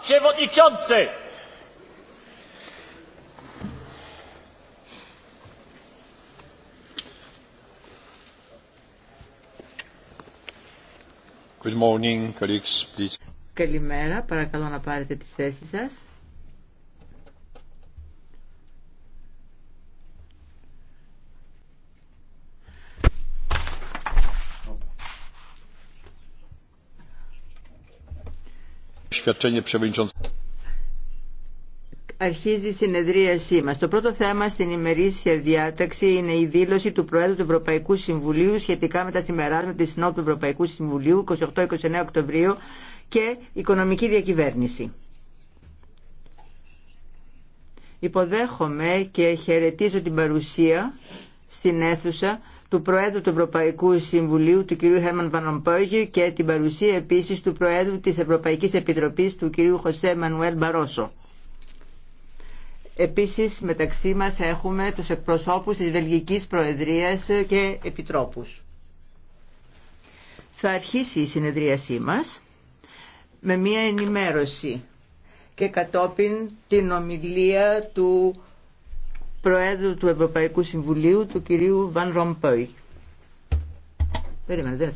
przewodniczący! Good morning, Καλημέρα, παρακαλώ να πάρετε τη θέση σας. Αρχίζει η συνεδρίασή μας. Το πρώτο θέμα στην ημερήσια διάταξη είναι η δήλωση του Προέδρου του Ευρωπαϊκού Συμβουλίου σχετικά με τα συμπεράσματα της Συνόδου του Ευρωπαϊκού Συμβουλίου 28-29 Οκτωβρίου και οικονομική διακυβέρνηση. Υποδέχομαι και χαιρετίζω την παρουσία στην αίθουσα του Προέδρου του Ευρωπαϊκού Συμβουλίου, του κ. Χέρμαν Βανομπόγιου και την παρουσία επίσης του Προέδρου της Ευρωπαϊκής Επιτροπής, του κ. Χωσέ Μανουέλ Μπαρόσο. Επίσης μεταξύ μας έχουμε τους εκπροσώπους της Βελγικής Προεδρίας και Επιτρόπους. Θα αρχίσει η συνεδρίασή μας με μία ενημέρωση και κατόπιν την ομιλία του Προέδρου του Ευρωπαϊκού Συμβουλίου, του κυρίου Βαν Ρομπόι. Περίμενε,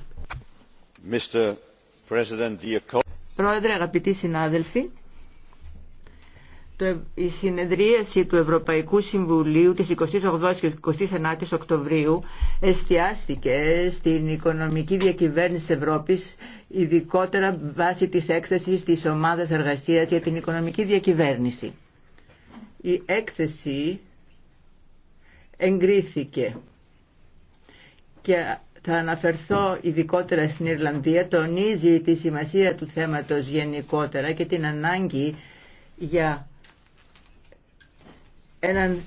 Πρόεδρε, αγαπητοί συνάδελφοι, η συνεδρίαση του Ευρωπαϊκού Συμβουλίου της 28 και 29 Οκτωβρίου εστιάστηκε στην οικονομική διακυβέρνηση της Ευρώπης ειδικότερα βάσει της έκθεσης της Ομάδας Εργασίας για την Οικονομική Διακυβέρνηση. Η έκθεση εγκρίθηκε. Και θα αναφερθώ ειδικότερα στην Ιρλανδία, τονίζει τη σημασία του θέματος γενικότερα και την ανάγκη για έναν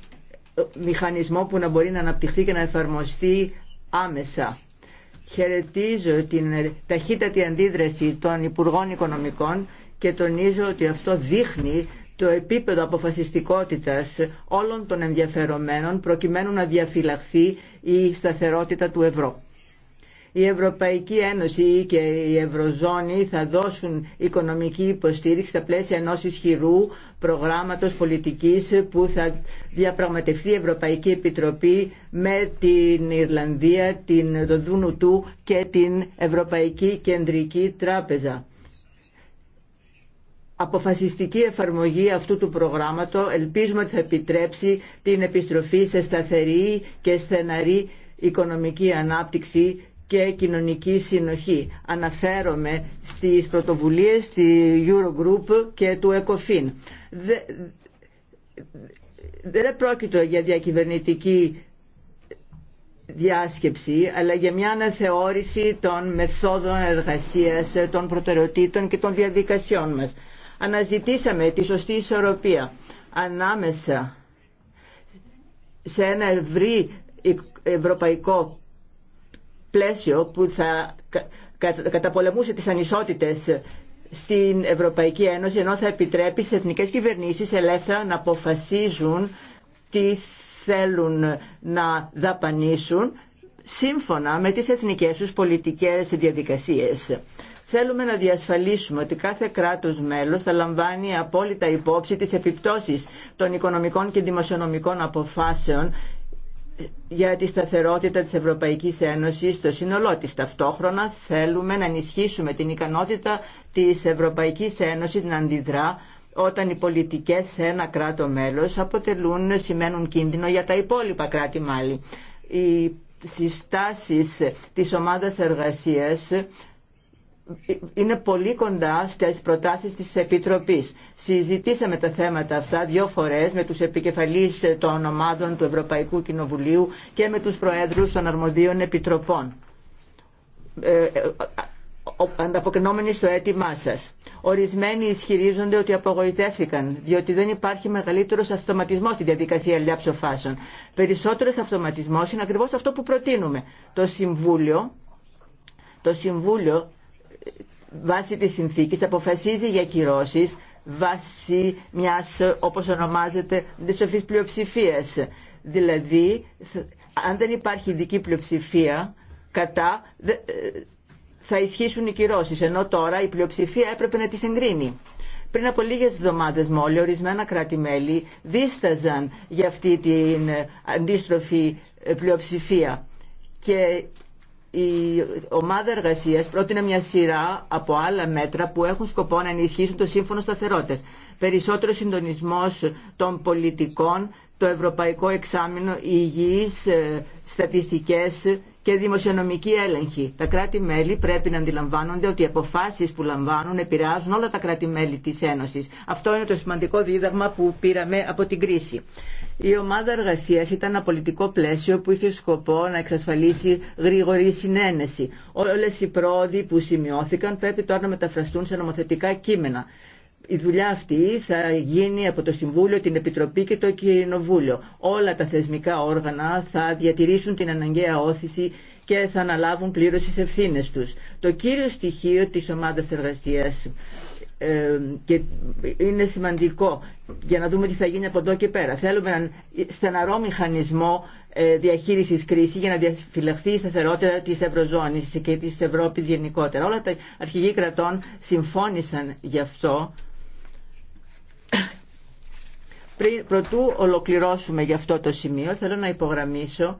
μηχανισμό που να μπορεί να αναπτυχθεί και να εφαρμοστεί άμεσα. Χαιρετίζω την ταχύτατη αντίδραση των Υπουργών Οικονομικών και τονίζω ότι αυτό δείχνει το επίπεδο αποφασιστικότητας όλων των ενδιαφερομένων προκειμένου να διαφυλαχθεί η σταθερότητα του ευρώ. Η Ευρωπαϊκή Ένωση και η Ευρωζώνη θα δώσουν οικονομική υποστήριξη στα πλαίσια ενός ισχυρού προγράμματος πολιτικής που θα διαπραγματευτεί η Ευρωπαϊκή Επιτροπή με την Ιρλανδία, την, τον και την Ευρωπαϊκή Κεντρική Τράπεζα αποφασιστική εφαρμογή αυτού του προγράμματο ελπίζουμε ότι θα επιτρέψει την επιστροφή σε σταθερή και στεναρή οικονομική ανάπτυξη και κοινωνική συνοχή. Αναφέρομαι στις πρωτοβουλίες τη Eurogroup και του ECOFIN. Δεν πρόκειται για διακυβερνητική διάσκεψη, αλλά για μια αναθεώρηση των μεθόδων εργασίας, των προτεραιοτήτων και των διαδικασιών μας αναζητήσαμε τη σωστή ισορροπία ανάμεσα σε ένα ευρύ ευρωπαϊκό πλαίσιο που θα καταπολεμούσε τις ανισότητες στην Ευρωπαϊκή Ένωση ενώ θα επιτρέπει σε εθνικές κυβερνήσεις ελεύθερα να αποφασίζουν τι θέλουν να δαπανίσουν σύμφωνα με τις εθνικές τους πολιτικές διαδικασίες. Θέλουμε να διασφαλίσουμε ότι κάθε κράτος μέλος θα λαμβάνει απόλυτα υπόψη τις επιπτώσεις των οικονομικών και δημοσιονομικών αποφάσεων για τη σταθερότητα της Ευρωπαϊκής Ένωσης στο σύνολό της. Ταυτόχρονα θέλουμε να ενισχύσουμε την ικανότητα της Ευρωπαϊκής Ένωσης να αντιδρά όταν οι πολιτικές σε ένα κράτο μέλος αποτελούν, σημαίνουν κίνδυνο για τα υπόλοιπα κράτη μάλλη. Οι συστάσεις της ομάδας εργασίας είναι πολύ κοντά στις προτάσεις της Επιτροπής. Συζητήσαμε τα θέματα αυτά δύο φορές με τους επικεφαλείς των ομάδων του Ευρωπαϊκού Κοινοβουλίου και με τους προέδρους των αρμοδίων επιτροπών. Ε, ε ανταποκρινόμενοι στο αίτημά σας. Ορισμένοι ισχυρίζονται ότι απογοητεύθηκαν, διότι δεν υπάρχει μεγαλύτερος αυτοματισμός στη διαδικασία λιάψοφάσεων. Περισσότερος αυτοματισμός είναι ακριβώς αυτό που προτείνουμε. Το Συμβούλιο, το Συμβούλιο βάσει της συνθήκης αποφασίζει για κυρώσεις βάσει μιας όπως ονομάζεται δυσοφής πλειοψηφίας. Δηλαδή αν δεν υπάρχει δική πλειοψηφία κατά ε, θα ισχύσουν οι κυρώσεις ενώ τώρα η πλειοψηφία έπρεπε να τις εγκρίνει. Πριν από λίγες εβδομάδες μόλι ορισμένα κράτη-μέλη δίσταζαν για αυτή την ε, αντίστροφη ε, πλειοψηφία και η ομάδα εργασία πρότεινε μια σειρά από άλλα μέτρα που έχουν σκοπό να ενισχύσουν το σύμφωνο σταθερότητα. Περισσότερο συντονισμό των πολιτικών, το ευρωπαϊκό εξάμεινο, υγιεί ε, στατιστικέ και δημοσιονομική έλεγχη. Τα κράτη-μέλη πρέπει να αντιλαμβάνονται ότι οι αποφάσει που λαμβάνουν επηρεάζουν όλα τα κράτη-μέλη τη Ένωση. Αυτό είναι το σημαντικό δίδαγμα που πήραμε από την κρίση. Η ομάδα εργασίας ήταν ένα πολιτικό πλαίσιο που είχε σκοπό να εξασφαλίσει γρήγορη συνένεση. Όλες οι πρόοδοι που σημειώθηκαν πρέπει τώρα να μεταφραστούν σε νομοθετικά κείμενα. Η δουλειά αυτή θα γίνει από το Συμβούλιο, την Επιτροπή και το Κοινοβούλιο. Όλα τα θεσμικά όργανα θα διατηρήσουν την αναγκαία όθηση και θα αναλάβουν πλήρω τι ευθύνε του. Το κύριο στοιχείο τη ομάδα εργασία και είναι σημαντικό για να δούμε τι θα γίνει από εδώ και πέρα. Θέλουμε έναν στεναρό μηχανισμό ε, διαχείριση κρίσης για να διαφυλαχθεί η σταθερότητα τη Ευρωζώνη και τη Ευρώπη γενικότερα. Όλα τα αρχηγοί κρατών συμφώνησαν γι' αυτό πριν, προτού ολοκληρώσουμε γι' αυτό το σημείο, θέλω να υπογραμμίσω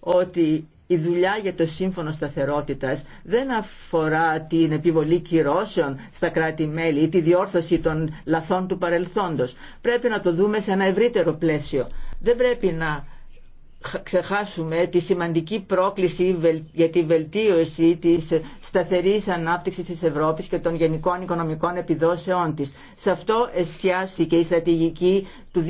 ότι η δουλειά για το σύμφωνο σταθερότητας δεν αφορά την επιβολή κυρώσεων στα κράτη-μέλη ή τη διόρθωση των λαθών του παρελθόντος. Πρέπει να το δούμε σε ένα ευρύτερο πλαίσιο. Δεν πρέπει να ξεχάσουμε τη σημαντική πρόκληση για τη βελτίωση της σταθερής ανάπτυξης της Ευρώπης και των γενικών οικονομικών επιδόσεών της. Σε αυτό εστιάστηκε η στρατηγική του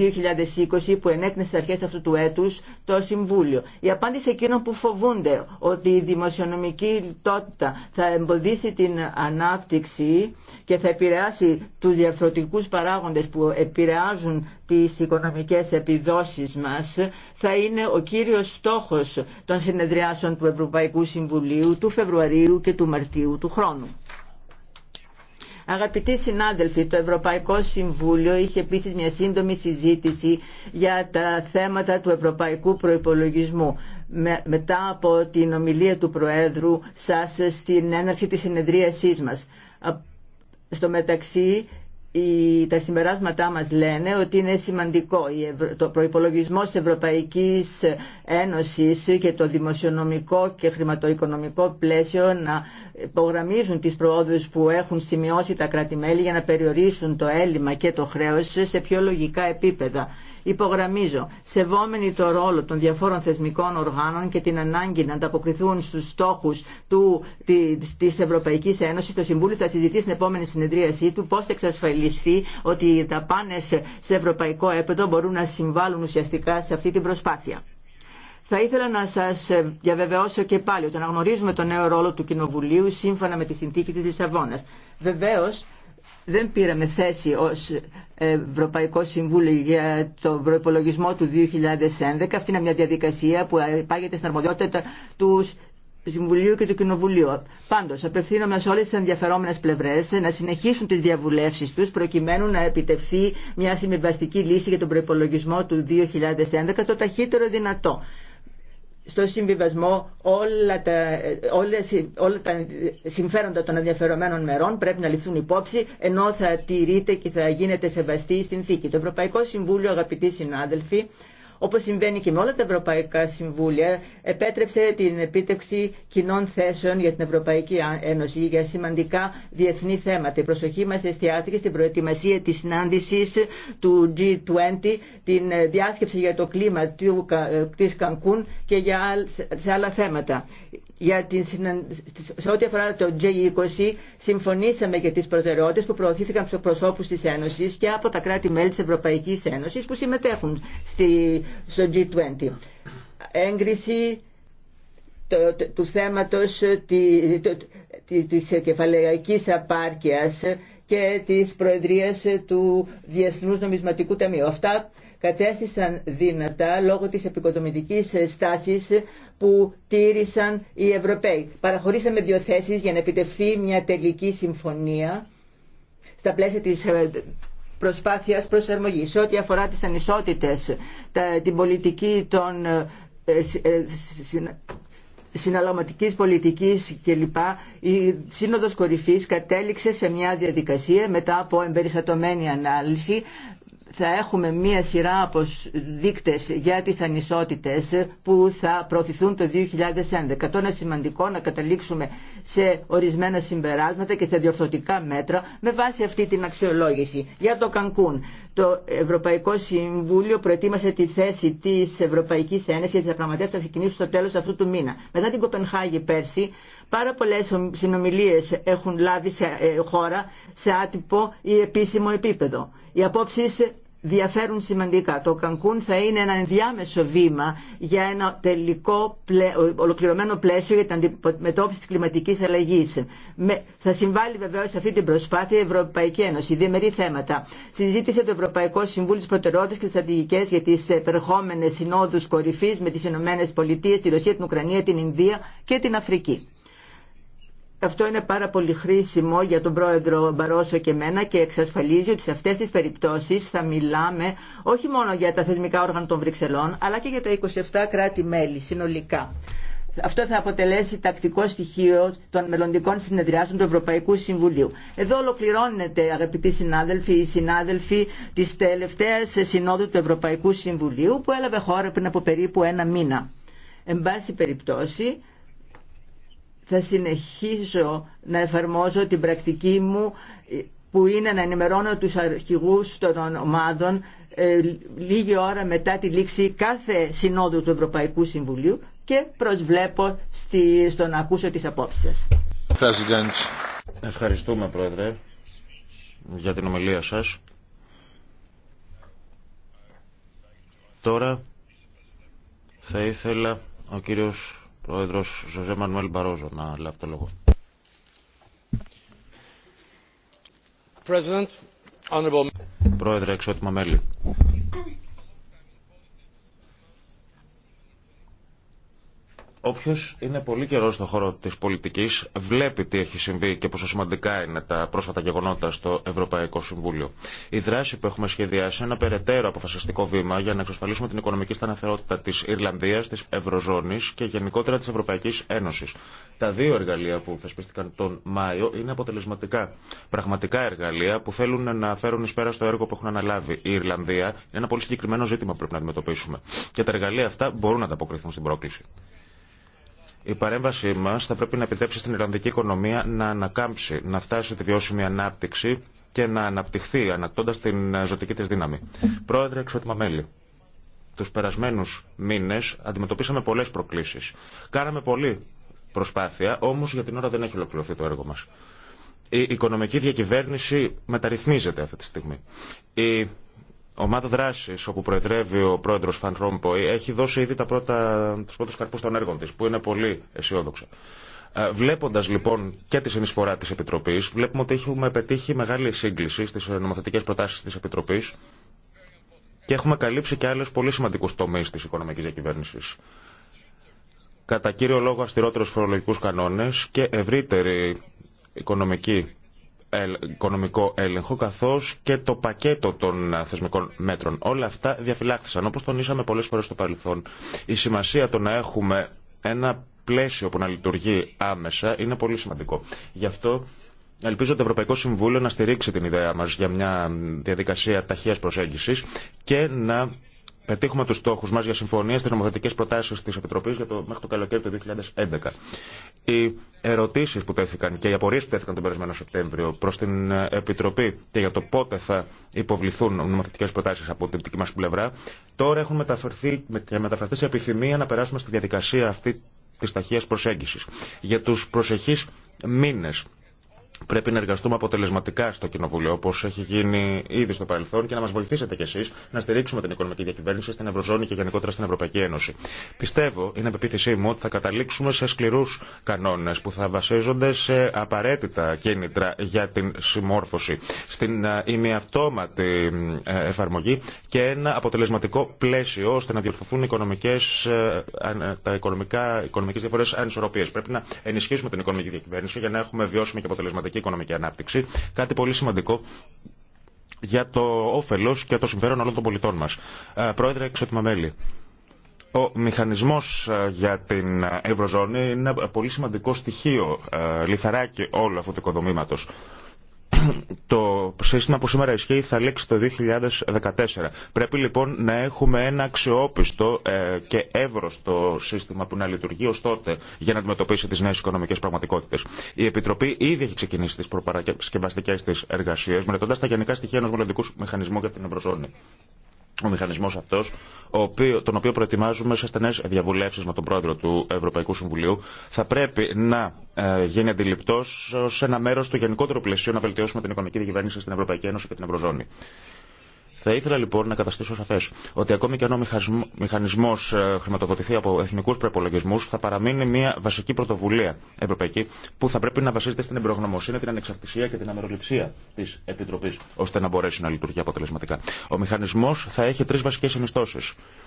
2020 που ενέκνεσε στις αρχές αυτού του έτους το Συμβούλιο. Η απάντηση εκείνων που φοβούνται ότι η δημοσιονομική λιτότητα θα εμποδίσει την ανάπτυξη και θα επηρεάσει τους διαφορετικούς παράγοντες που επηρεάζουν τις οικονομικές επιδόσεις μας θα είναι ο κύριος στόχος των συνεδριάσεων του Ευρωπαϊκού Συμβουλίου του Φεβρουαρίου και του Μαρτίου του χρόνου. Αγαπητοί συνάδελφοι, το Ευρωπαϊκό Συμβούλιο είχε επίση μια σύντομη συζήτηση για τα θέματα του ευρωπαϊκού προπολογισμού μετά από την ομιλία του Προέδρου σας στην έναρξη της συνεδρίασής μας. Στο μεταξύ τα συμπεράσματά μας λένε ότι είναι σημαντικό το προϋπολογισμό της Ευρωπαϊκής Ένωσης και το δημοσιονομικό και χρηματοοικονομικό πλαίσιο να υπογραμμίζουν τις προόδους που έχουν σημειώσει τα κράτη-μέλη για να περιορίσουν το έλλειμμα και το χρέος σε πιο λογικά επίπεδα. Υπογραμμίζω, σεβόμενοι το ρόλο των διαφόρων θεσμικών οργάνων και την ανάγκη να ανταποκριθούν στου στόχου τη Ευρωπαϊκή Ένωση, το Συμβούλιο θα συζητήσει στην επόμενη συνεδρίασή του πώ θα εξασφαλιστεί ότι οι δαπάνε σε ευρωπαϊκό έπεδο μπορούν να συμβάλλουν ουσιαστικά σε αυτή την προσπάθεια. Θα ήθελα να σα διαβεβαιώσω και πάλι ότι αναγνωρίζουμε τον νέο ρόλο του Κοινοβουλίου σύμφωνα με τη συνθήκη τη Λισαβόνα. Βεβαίω δεν πήραμε θέση ως Ευρωπαϊκό Συμβούλιο για τον προπολογισμό του 2011. Αυτή είναι μια διαδικασία που υπάγεται στην αρμοδιότητα του Συμβουλίου και του Κοινοβουλίου. Πάντως, απευθύνομαι σε όλες τις ενδιαφερόμενες πλευρές να συνεχίσουν τις διαβουλεύσεις τους προκειμένου να επιτευχθεί μια συμβιβαστική λύση για τον προπολογισμό του 2011 το ταχύτερο δυνατό στο συμβιβασμό όλα τα, όλες, όλα τα συμφέροντα των ενδιαφερομένων μερών πρέπει να ληφθούν υπόψη ενώ θα τηρείται και θα γίνεται σεβαστή στην θήκη. Το Ευρωπαϊκό Συμβούλιο, αγαπητοί συνάδελφοι, όπως συμβαίνει και με όλα τα ευρωπαϊκά συμβούλια, επέτρεψε την επίτευξη κοινών θέσεων για την Ευρωπαϊκή Ένωση για σημαντικά διεθνή θέματα. Η προσοχή μας εστιάστηκε στην προετοιμασία της συνάντησης του G20, την ε, διάσκεψη για το κλίμα ε, της Κανκούν και για σε άλλα θέματα για την, σε ό,τι αφορά το G20 συμφωνήσαμε για τις προτεραιότητες που προωθήθηκαν στου προσώπους της Ένωσης και από τα κράτη-μέλη της Ευρωπαϊκής Ένωσης που συμμετέχουν στη, στο G20. Έγκριση το, του θέματος τη, το, της κεφαλαϊκής απάρκειας και της Προεδρίας του Διεθνούς Νομισματικού Ταμείου. Αυτά κατέστησαν δύνατα λόγω της επικοδομητικής στάσης που τήρησαν οι Ευρωπαίοι. Παραχωρήσαμε δύο θέσεις για να επιτευχθεί μια τελική συμφωνία στα πλαίσια της ε, προσπάθειας προσαρμογής. Σε ό,τι αφορά τις ανισότητες, την πολιτική των ε, ε, συναλλαγματικής πολιτικής κλπ. Η Σύνοδος Κορυφής κατέληξε σε μια διαδικασία μετά από εμπεριστατωμένη ανάλυση θα έχουμε μία σειρά από δείκτες για τις ανισότητες που θα προωθηθούν το 2011. Τώρα είναι σημαντικό να καταλήξουμε σε ορισμένα συμπεράσματα και σε διορθωτικά μέτρα με βάση αυτή την αξιολόγηση. Για το Κανκούν, το Ευρωπαϊκό Συμβούλιο προετοίμασε τη θέση της Ευρωπαϊκής Ένωσης για τις διαπραγματεύσεις θα ξεκινήσουν στο τέλος αυτού του μήνα. Μετά την Κοπενχάγη πέρσι, Πάρα πολλέ συνομιλίε έχουν λάβει σε ε, χώρα σε άτυπο ή επίσημο επίπεδο. Οι απόψει διαφέρουν σημαντικά. Το Κανκούν θα είναι ένα ενδιάμεσο βήμα για ένα τελικό ολοκληρωμένο πλαίσιο για την αντιμετώπιση της κλιματικής αλλαγής. θα συμβάλλει βεβαίως σε αυτή την προσπάθεια η Ευρωπαϊκή Ένωση. Διμερεί θέματα. Συζήτησε το Ευρωπαϊκό Συμβούλιο της Προτεραιότητας και Στρατηγικές για τις επερχόμενες συνόδους κορυφής με τις Ηνωμένες Πολιτείες, τη Ρωσία, την Ουκρανία, την Ινδία και την Αφρική. Αυτό είναι πάρα πολύ χρήσιμο για τον πρόεδρο Μπαρόσο και μένα και εξασφαλίζει ότι σε αυτές τις περιπτώσεις θα μιλάμε όχι μόνο για τα θεσμικά όργανα των Βρυξελών αλλά και για τα 27 κράτη-μέλη συνολικά. Αυτό θα αποτελέσει τακτικό στοιχείο των μελλοντικών συνεδριάσεων του Ευρωπαϊκού Συμβουλίου. Εδώ ολοκληρώνεται, αγαπητοί συνάδελφοι, οι συνάδελφοι τη τελευταία συνόδου του Ευρωπαϊκού Συμβουλίου που έλαβε χώρα πριν από περίπου ένα μήνα. Εν πάση περιπτώσει, θα συνεχίσω να εφαρμόζω την πρακτική μου ε, που είναι να ενημερώνω τους αρχηγούς των ομάδων ε, λίγη ώρα μετά τη λήξη κάθε συνόδου του Ευρωπαϊκού Συμβουλίου και προσβλέπω στη, στο να ακούσω τις απόψεις σας. Ευχαριστούμε Πρόεδρε για την ομιλία σας. Τώρα θα ήθελα ο κύριος Πρόεδρος Ζωζέ Μανουέλ Μπαρόζο να λάβει το λόγο. Πρόεδρε, εξότιμα μέλη. Όποιο είναι πολύ καιρό στον χώρο τη πολιτική βλέπει τι έχει συμβεί και πόσο σημαντικά είναι τα πρόσφατα γεγονότα στο Ευρωπαϊκό Συμβούλιο. Η δράση που έχουμε σχεδιάσει είναι ένα περαιτέρω αποφασιστικό βήμα για να εξασφαλίσουμε την οικονομική σταθερότητα τη Ιρλανδία, τη Ευρωζώνη και γενικότερα τη Ευρωπαϊκή Ένωση. Τα δύο εργαλεία που θεσπίστηκαν τον Μάιο είναι αποτελεσματικά. Πραγματικά εργαλεία που θέλουν να φέρουν ει πέρα στο έργο που έχουν αναλάβει η Ιρλανδία. Είναι ένα πολύ συγκεκριμένο ζήτημα που πρέπει να αντιμετωπίσουμε. Και τα εργαλεία αυτά μπορούν να ανταποκριθούν στην πρόκληση. Η παρέμβασή μα θα πρέπει να επιτρέψει στην Ιρλανδική οικονομία να ανακάμψει, να φτάσει στη τη βιώσιμη ανάπτυξη και να αναπτυχθεί, ανακτώντα την ζωτική τη δύναμη. Πρόεδρε, εξότιμα μέλη. Του περασμένου μήνε αντιμετωπίσαμε πολλέ προκλήσει. Κάναμε πολλή προσπάθεια, όμω για την ώρα δεν έχει ολοκληρωθεί το έργο μα. Η οικονομική διακυβέρνηση μεταρρυθμίζεται αυτή τη στιγμή ομάδα δράση όπου προεδρεύει ο πρόεδρο Φαν Ρόμποϊ έχει δώσει ήδη τα πρώτα, τους πρώτους καρπούς των έργων τη, που είναι πολύ αισιόδοξα. Ε, Βλέποντα λοιπόν και τη συνεισφορά τη Επιτροπή, βλέπουμε ότι έχουμε πετύχει μεγάλη σύγκληση στι ε, νομοθετικέ προτάσει τη Επιτροπή και έχουμε καλύψει και άλλου πολύ σημαντικού τομεί τη οικονομική διακυβέρνηση. Κατά κύριο λόγο, αυστηρότερου φορολογικού κανόνε και ευρύτερη οικονομική οικονομικό έλεγχο καθώς και το πακέτο των ε, θεσμικών μέτρων. Όλα αυτά διαφυλάχθησαν. Όπως τονίσαμε πολλές φορές στο παρελθόν, η σημασία το να έχουμε ένα πλαίσιο που να λειτουργεί άμεσα είναι πολύ σημαντικό. Γι' αυτό Ελπίζω το Ευρωπαϊκό Συμβούλιο να στηρίξει την ιδέα μας για μια διαδικασία ταχείας προσέγγισης και να πετύχουμε του στόχου μα για συμφωνίε στι νομοθετικέ προτάσει τη Επιτροπή το, μέχρι το καλοκαίρι του 2011. Οι ερωτήσει που τέθηκαν και οι απορίε που τέθηκαν τον περασμένο Σεπτέμβριο προ την ε, Επιτροπή και για το πότε θα υποβληθούν νομοθετικέ προτάσει από την δική μα πλευρά, τώρα έχουν μεταφερθεί και μεταφερθεί σε επιθυμία να περάσουμε στη διαδικασία αυτή τη ταχεία προσέγγιση. Για του προσεχεί μήνε Πρέπει να εργαστούμε αποτελεσματικά στο Κοινοβούλιο, όπω έχει γίνει ήδη στο παρελθόν, και να μα βοηθήσετε κι εσεί να στηρίξουμε την οικονομική διακυβέρνηση στην Ευρωζώνη και γενικότερα στην Ευρωπαϊκή Ένωση. Πιστεύω, είναι πεποίθησή μου, ότι θα καταλήξουμε σε σκληρού κανόνε που θα βασίζονται σε απαραίτητα κίνητρα για την συμμόρφωση, στην ε, ημιαυτόματη ε, εφαρμογή και ένα αποτελεσματικό πλαίσιο ώστε να διορθωθούν ε, τα οικονομικέ διαφορέ ανισορροπίε. Πρέπει να ενισχύσουμε την οικονομική διακυβέρνηση για να έχουμε βιώσιμη και αποτελεσματική πραγματική οικονομική ανάπτυξη, κάτι πολύ σημαντικό για το όφελο και το συμφέρον όλων των πολιτών μα. Ε, πρόεδρε, εξωτήμα μέλη. Ο μηχανισμός ε, για την Ευρωζώνη είναι ένα πολύ σημαντικό στοιχείο, ε, λιθαράκι όλου αυτού του οικοδομήματος. το σύστημα που σήμερα ισχύει θα λήξει το 2014. Πρέπει λοιπόν να έχουμε ένα αξιόπιστο ε, και εύρωστο σύστημα που να λειτουργεί ω τότε για να αντιμετωπίσει τις νέες οικονομικές πραγματικότητες. Η Επιτροπή ήδη έχει ξεκινήσει τις προπαρασκευαστικές τη εργασίες μελετώντα τα γενικά στοιχεία ενό μελλοντικού μηχανισμού για την Ευρωζώνη ο μηχανισμό αυτό, τον οποίο προετοιμάζουμε σε στενέ διαβουλεύσει με τον πρόεδρο του Ευρωπαϊκού Συμβουλίου, θα πρέπει να ε, γίνει αντιληπτό σε ένα μέρο του γενικότερου πλαισίου να βελτιώσουμε την οικονομική διακυβέρνηση στην Ευρωπαϊκή Ένωση και την Ευρωζώνη. Θα ήθελα λοιπόν να καταστήσω σαφέ ότι ακόμη και αν ο μηχανισμό ε, χρηματοδοτηθεί από εθνικού προπολογισμού, θα παραμείνει μια βασική πρωτοβουλία ευρωπαϊκή που θα πρέπει να βασίζεται στην εμπρογνωμοσύνη, την ανεξαρτησία και την αμεροληψία τη Επιτροπή, ώστε να μπορέσει να λειτουργεί αποτελεσματικά. Ο μηχανισμό θα έχει τρει βασικέ συνιστώσει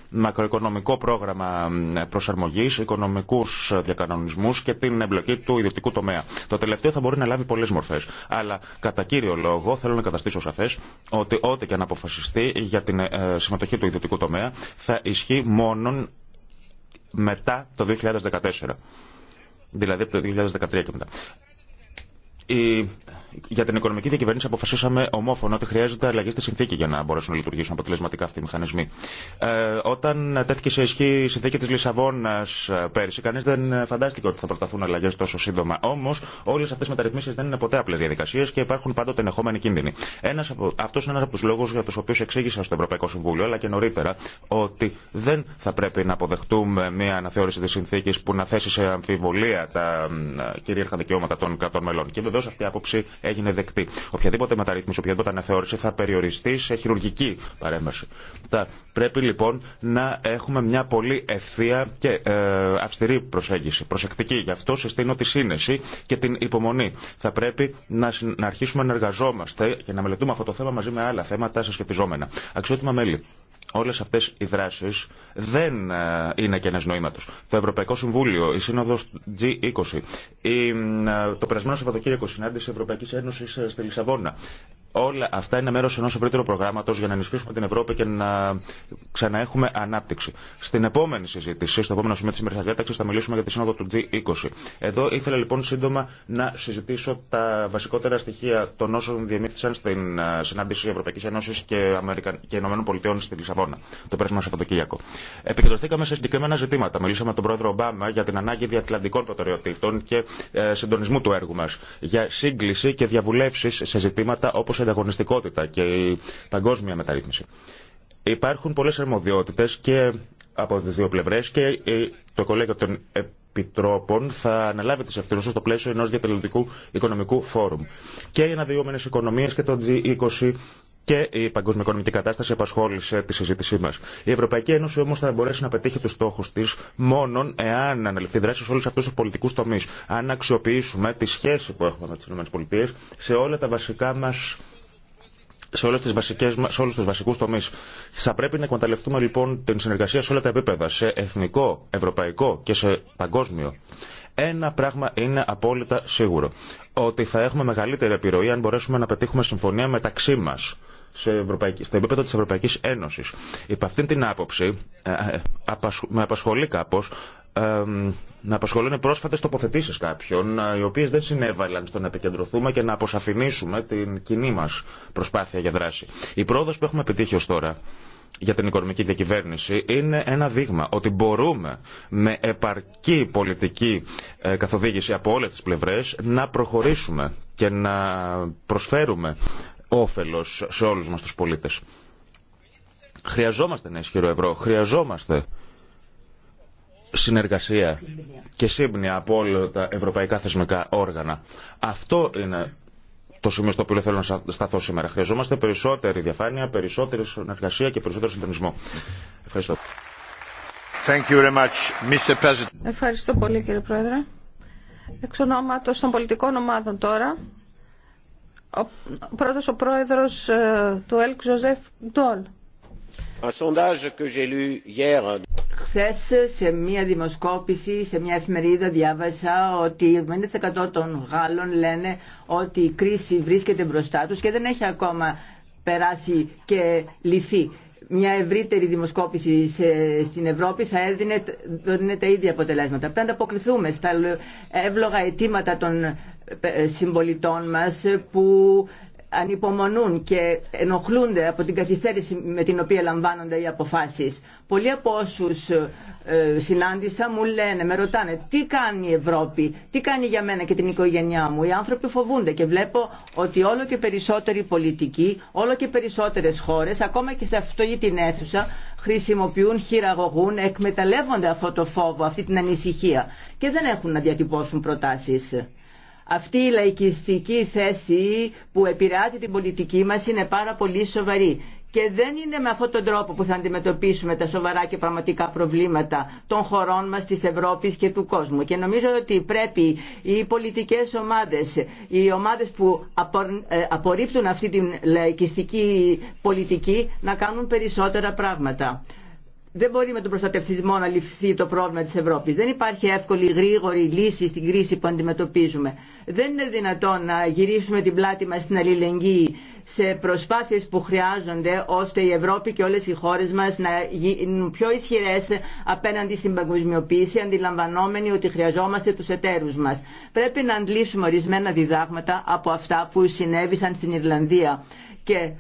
μακροοικονομικό πρόγραμμα προσαρμογής, οικονομικούς διακανονισμούς και την εμπλοκή του ιδιωτικού τομέα. Το τελευταίο θα μπορεί να λάβει πολλές μορφές. Αλλά κατά κύριο λόγο θέλω να καταστήσω σαφές ότι ό,τι και αν αποφασιστεί για την ε, συμμετοχή του ιδιωτικού τομέα θα ισχύει μόνο μετά το 2014. Δηλαδή από το 2013 και μετά. Η για την οικονομική διακυβέρνηση αποφασίσαμε ομόφωνα ότι χρειάζεται αλλαγή στη συνθήκη για να μπορέσουν να λειτουργήσουν αποτελεσματικά αυτοί οι μηχανισμοί. Ε, όταν τέθηκε σε ισχύ η συνθήκη τη Λισαβόνα ε, πέρυσι, κανεί δεν φαντάστηκε ότι θα προταθούν αλλαγέ τόσο σύντομα. Όμω, όλε αυτέ οι μεταρρυθμίσει δεν είναι ποτέ απλέ διαδικασίε και υπάρχουν πάντοτε ενεχόμενοι κίνδυνοι. Αυτό είναι ένα από του λόγου για του οποίου εξήγησα στο Ευρωπαϊκό Συμβούλιο, αλλά και νωρίτερα, ότι δεν θα πρέπει να αποδεχτούμε μια αναθεώρηση τη συνθήκη που να θέσει σε αμφιβολία τα ε, κυρίαρχα δικαιώματα των κρατών μελών. Και βεβαίω αυτή η άποψη έγινε δεκτή. Οποιαδήποτε μεταρρύθμιση, οποιαδήποτε αναθεώρηση θα περιοριστεί σε χειρουργική παρέμβαση. Θα πρέπει λοιπόν να έχουμε μια πολύ ευθεία και ε, αυστηρή προσέγγιση, προσεκτική. Γι' αυτό συστήνω τη σύνεση και την υπομονή. Θα πρέπει να, να αρχίσουμε να εργαζόμαστε και να μελετούμε αυτό το θέμα μαζί με άλλα θέματα σε σχετιζόμενα. Αξιότιμα μέλη όλες αυτές οι δράσεις δεν ε, είναι κενές νοήματος. Το Ευρωπαϊκό Συμβούλιο, η Σύνοδος G20, η, ε, το περασμένο Σαββατοκύριακο συνάντηση Ευρωπαϊκής Ένωσης ε, στη Λισαβόνα, Όλα αυτά είναι μέρο ενό ευρύτερου προγράμματο για να ενισχύσουμε την Ευρώπη και να ξαναέχουμε ανάπτυξη. Στην επόμενη συζήτηση, στο επόμενο σημείο τη ημερήσια διάταξη, θα μιλήσουμε για τη σύνοδο του G20. Εδώ ήθελα λοιπόν σύντομα να συζητήσω τα βασικότερα στοιχεία των όσων διεμήθησαν στην ε, συνάντηση Ευρωπαϊκή Ένωση και, Αμερικα... και Ηνωμένων Πολιτειών στη Λισαβόνα το πέρασμα Σαββατοκύριακο. Επικεντρωθήκαμε σε συγκεκριμένα ζητήματα. Μιλήσαμε με τον πρόεδρο Ομπάμα για την ανάγκη διατλαντικών προτεραιοτήτων και ε, συντονισμού του έργου μα. Για σύγκληση και διαβουλεύσει σε ζητήματα όπω ανταγωνιστικότητα και η παγκόσμια μεταρρύθμιση. Υπάρχουν πολλέ αρμοδιότητε και από τι δύο πλευρέ και ε, το κολέγιο των επιτρόπων θα αναλάβει τι ευθύνε στο πλαίσιο ενό διαπελλοντικού οικονομικού φόρουμ. Και οι αναδυόμενε οικονομίε και το G20 και η παγκόσμια οικονομική κατάσταση απασχόλησε τη συζήτησή μα. Η Ευρωπαϊκή Ένωση όμω θα μπορέσει να πετύχει του στόχου τη μόνον εάν αναλυθεί δράση σε όλου αυτού του πολιτικού τομεί. Αν αξιοποιήσουμε τη σχέση που έχουμε με τι ΗΠΑ σε όλα τα βασικά μα σε, όλες τις βασικές, σε όλους τους βασικούς τομείς. Θα πρέπει να εκμεταλλευτούμε λοιπόν την συνεργασία σε όλα τα επίπεδα, σε εθνικό, ευρωπαϊκό και σε παγκόσμιο. Ένα πράγμα είναι απόλυτα σίγουρο, ότι θα έχουμε μεγαλύτερη επιρροή αν μπορέσουμε να πετύχουμε συμφωνία μεταξύ μας σε ευρωπαϊκή, στο επίπεδο της Ευρωπαϊκής Ένωσης. Υπ' αυτήν την άποψη, ε, ε, με απασχολεί κάπως να απασχολούν πρόσφατε τοποθετήσει κάποιων, οι οποίε δεν συνέβαλαν στο να επικεντρωθούμε και να αποσαφηνίσουμε την κοινή μα προσπάθεια για δράση. Η πρόοδο που έχουμε επιτύχει ω τώρα για την οικονομική διακυβέρνηση είναι ένα δείγμα ότι μπορούμε με επαρκή πολιτική ε, καθοδήγηση από όλες τις πλευρέ να προχωρήσουμε και να προσφέρουμε όφελο σε όλου μα του πολίτε. Χρειαζόμαστε ένα ισχυρό ευρώ, χρειαζόμαστε συνεργασία και σύμπνοια από όλα τα ευρωπαϊκά θεσμικά όργανα. Αυτό είναι το σημείο στο οποίο θέλω να σταθώ σήμερα. Χρειαζόμαστε περισσότερη διαφάνεια, περισσότερη συνεργασία και περισσότερο συντονισμό. Ευχαριστώ. Thank you very much, Mr. Ευχαριστώ πολύ κύριε Πρόεδρε. Εξ ονόματος των πολιτικών ομάδων τώρα, ο πρώτος ο πρόεδρος ε, του ΕΛΚ Ζωζεφ Ντόλ. Χθε σε μια δημοσκόπηση, σε μια εφημερίδα διάβασα ότι 70% των Γάλλων λένε ότι η κρίση βρίσκεται μπροστά τους και δεν έχει ακόμα περάσει και λυθεί. Μια ευρύτερη δημοσκόπηση στην Ευρώπη θα έδινε, έδινε τα ίδια αποτελέσματα. Πρέπει να ανταποκριθούμε στα εύλογα αιτήματα των ε, συμπολιτών μας που ανυπομονούν και ενοχλούνται από την καθυστέρηση με την οποία λαμβάνονται οι αποφάσεις. Πολλοί από όσους ε, συνάντησα μου λένε, με ρωτάνε τι κάνει η Ευρώπη, τι κάνει για μένα και την οικογένειά μου. Οι άνθρωποι φοβούνται και βλέπω ότι όλο και περισσότεροι πολιτικοί, όλο και περισσότερες χώρες, ακόμα και σε ή την αίθουσα, χρησιμοποιούν, χειραγωγούν, εκμεταλλεύονται αυτό το φόβο, αυτή την ανησυχία και δεν έχουν να διατυπώσουν προτάσει. Αυτή η λαϊκιστική θέση που επηρεάζει την πολιτική μας είναι πάρα πολύ σοβαρή. Και δεν είναι με αυτόν τον τρόπο που θα αντιμετωπίσουμε τα σοβαρά και πραγματικά προβλήματα των χωρών μας, της Ευρώπης και του κόσμου. Και νομίζω ότι πρέπει οι πολιτικές ομάδες, οι ομάδες που ε, απορρίπτουν αυτή την λαϊκιστική πολιτική να κάνουν περισσότερα πράγματα δεν μπορεί με τον προστατευτισμό να ληφθεί το πρόβλημα της Ευρώπης. Δεν υπάρχει εύκολη γρήγορη λύση στην κρίση που αντιμετωπίζουμε. Δεν είναι δυνατόν να γυρίσουμε την πλάτη μας στην αλληλεγγύη σε προσπάθειες που χρειάζονται ώστε η Ευρώπη και όλες οι χώρες μας να γίνουν πιο ισχυρές απέναντι στην παγκοσμιοποίηση αντιλαμβανόμενοι ότι χρειαζόμαστε τους εταίρους μας. Πρέπει να αντλήσουμε ορισμένα διδάγματα από αυτά που συνέβησαν στην Ιρλανδία και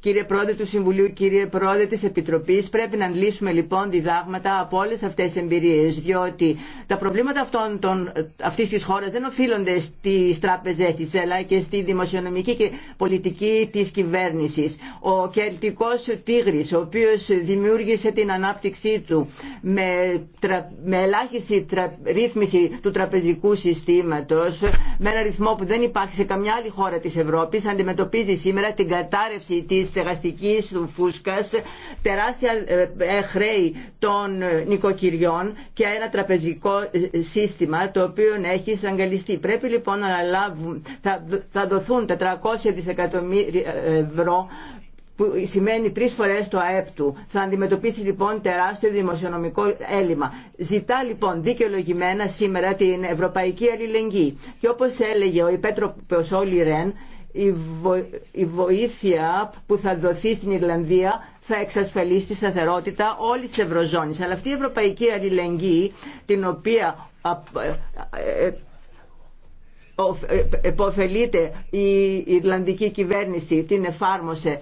Κύριε Πρόεδρε του Συμβουλίου, κύριε Πρόεδρε της Επιτροπής, πρέπει να λύσουμε λοιπόν διδάγματα από όλες αυτές τις εμπειρίες, διότι τα προβλήματα αυτών των, αυτής της χώρας δεν οφείλονται στις τράπεζες της αλλά και στη δημοσιονομική και πολιτική της κυβέρνησης. Ο κερτικός τίγρης, ο οποίος δημιούργησε την ανάπτυξή του με, τρα, ελάχιστη ρύθμιση του τραπεζικού συστήματος, με ένα ρυθμό που δεν υπάρχει σε καμιά άλλη χώρα της Ευρώπης, αντιμετωπίζει σήμερα την κατάρρευση της στεγαστικής του φούσκας, τεράστια ε, ε, χρέη των ε, νοικοκυριών και ένα τραπεζικό σύστημα το οποίο έχει στραγγαλιστεί. Πρέπει λοιπόν να λάβουν, θα, θα δοθούν 400 δισεκατομμύρια ευρώ που σημαίνει τρεις φορές το ΑΕΠ του. Θα αντιμετωπίσει λοιπόν τεράστιο δημοσιονομικό έλλειμμα. Ζητά λοιπόν δικαιολογημένα σήμερα την ευρωπαϊκή αλληλεγγύη. Και όπως έλεγε ο Υπέτροπος Όλη Ρεν, η βοήθεια που θα δοθεί στην Ιρλανδία θα εξασφαλίσει τη σταθερότητα όλη τη Ευρωζώνης. Αλλά αυτή η ευρωπαϊκή αλληλεγγύη, την οποία ε, ε, ε, επωφελείται η Ιρλανδική κυβέρνηση, την εφάρμοσε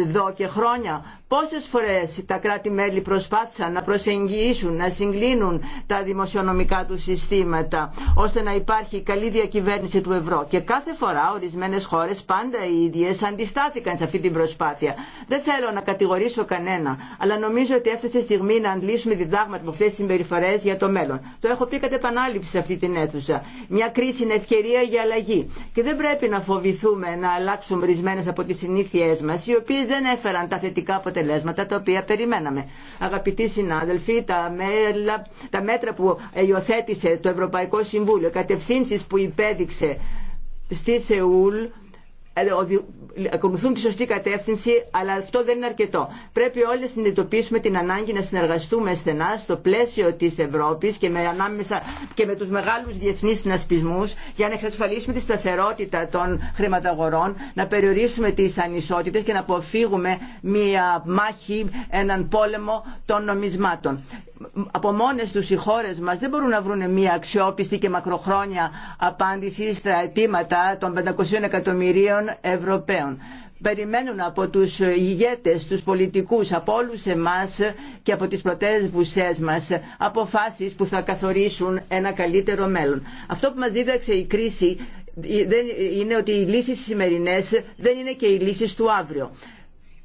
εδώ και χρόνια Πόσες φορές τα κράτη-μέλη προσπάθησαν να προσεγγίσουν, να συγκλίνουν τα δημοσιονομικά του συστήματα ώστε να υπάρχει καλή διακυβέρνηση του ευρώ και κάθε φορά ορισμένες χώρες πάντα οι ίδιες αντιστάθηκαν σε αυτή την προσπάθεια. Δεν θέλω να κατηγορήσω κανένα, αλλά νομίζω ότι έφτασε η στιγμή να αντλήσουμε διδάγματα από αυτές τις συμπεριφορές για το μέλλον. Το έχω πει κατά επανάληψη σε αυτή την αίθουσα. Μια κρίση είναι ευκαιρία για αλλαγή και δεν πρέπει να φοβηθούμε να αλλάξουμε ορισμένε από τις συνήθειές μας οι οποίες δεν έφεραν τα θετικά αποτελέσματα αποτελέσματα τα οποία περιμέναμε. Αγαπητοί συνάδελφοι, τα, μέλα, τα μέτρα που υιοθέτησε το Ευρωπαϊκό Συμβούλιο, κατευθύνσεις που υπέδειξε στη Σεούλ ε, ακολουθούν τη σωστή κατεύθυνση, αλλά αυτό δεν είναι αρκετό. Πρέπει όλοι να συνειδητοποιήσουμε την ανάγκη να συνεργαστούμε στενά στο πλαίσιο τη Ευρώπη και με, ανάμεσα, και με του μεγάλου διεθνεί συνασπισμού για να εξασφαλίσουμε τη σταθερότητα των χρηματαγορών, να περιορίσουμε τι ανισότητε και να αποφύγουμε μία μάχη, έναν πόλεμο των νομισμάτων. Από μόνε του οι χώρε μα δεν μπορούν να βρουν μία αξιόπιστη και μακροχρόνια απάντηση στα αιτήματα των 500 εκατομμυρίων Ευρωπαίων. Περιμένουν από τους ηγέτες, τους πολιτικούς, από όλους εμάς και από τις πρωτεύουσές μας αποφάσεις που θα καθορίσουν ένα καλύτερο μέλλον. Αυτό που μας δίδαξε η κρίση είναι ότι οι λύσεις σημερινές δεν είναι και οι λύσεις του αύριο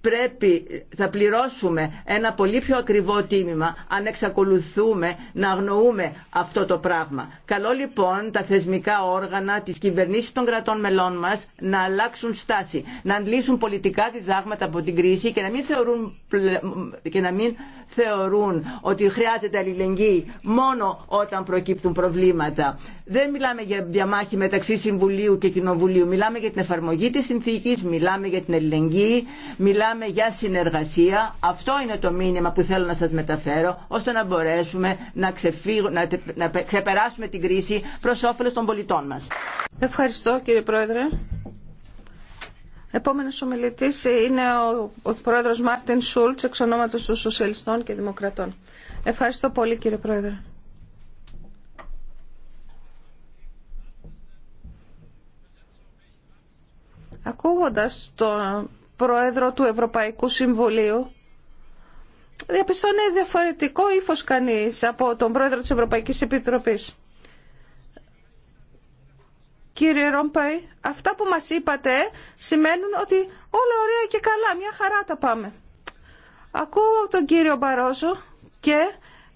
πρέπει, θα πληρώσουμε ένα πολύ πιο ακριβό τίμημα αν εξακολουθούμε να αγνοούμε αυτό το πράγμα. Καλό λοιπόν τα θεσμικά όργανα της κυβερνήσης των κρατών μελών μας να αλλάξουν στάση, να αντλήσουν πολιτικά διδάγματα από την κρίση και να μην θεωρούν και να μην θεωρούν ότι χρειάζεται αλληλεγγύη μόνο όταν προκύπτουν προβλήματα. Δεν μιλάμε για διαμάχη μεταξύ Συμβουλίου και Κοινοβουλίου. Μιλάμε για την εφαρμογή της συνθήκης, μιλάμε για την αλληλεγγύη, μιλάμε για συνεργασία. Αυτό είναι το μήνυμα που θέλω να σας μεταφέρω, ώστε να μπορέσουμε να, ξεπεράσουμε την κρίση προς όφελος των πολιτών μας. Ευχαριστώ κύριε Πρόεδρε. Επόμενος ομιλητής είναι ο, ο πρόεδρος Μάρτιν Σούλτς, εξ ονόματος των Σοσιαλιστών και Δημοκρατών. Ευχαριστώ πολύ κύριε πρόεδρε. Ακούγοντας τον πρόεδρο του Ευρωπαϊκού Συμβουλίου, διαπιστώνει διαφορετικό ύφος κανείς από τον πρόεδρο της Ευρωπαϊκής Επιτροπής. Κύριε Ρομπέι, αυτά που μας είπατε σημαίνουν ότι όλα ωραία και καλά, μια χαρά τα πάμε. Ακούω τον κύριο Μπαρόζο και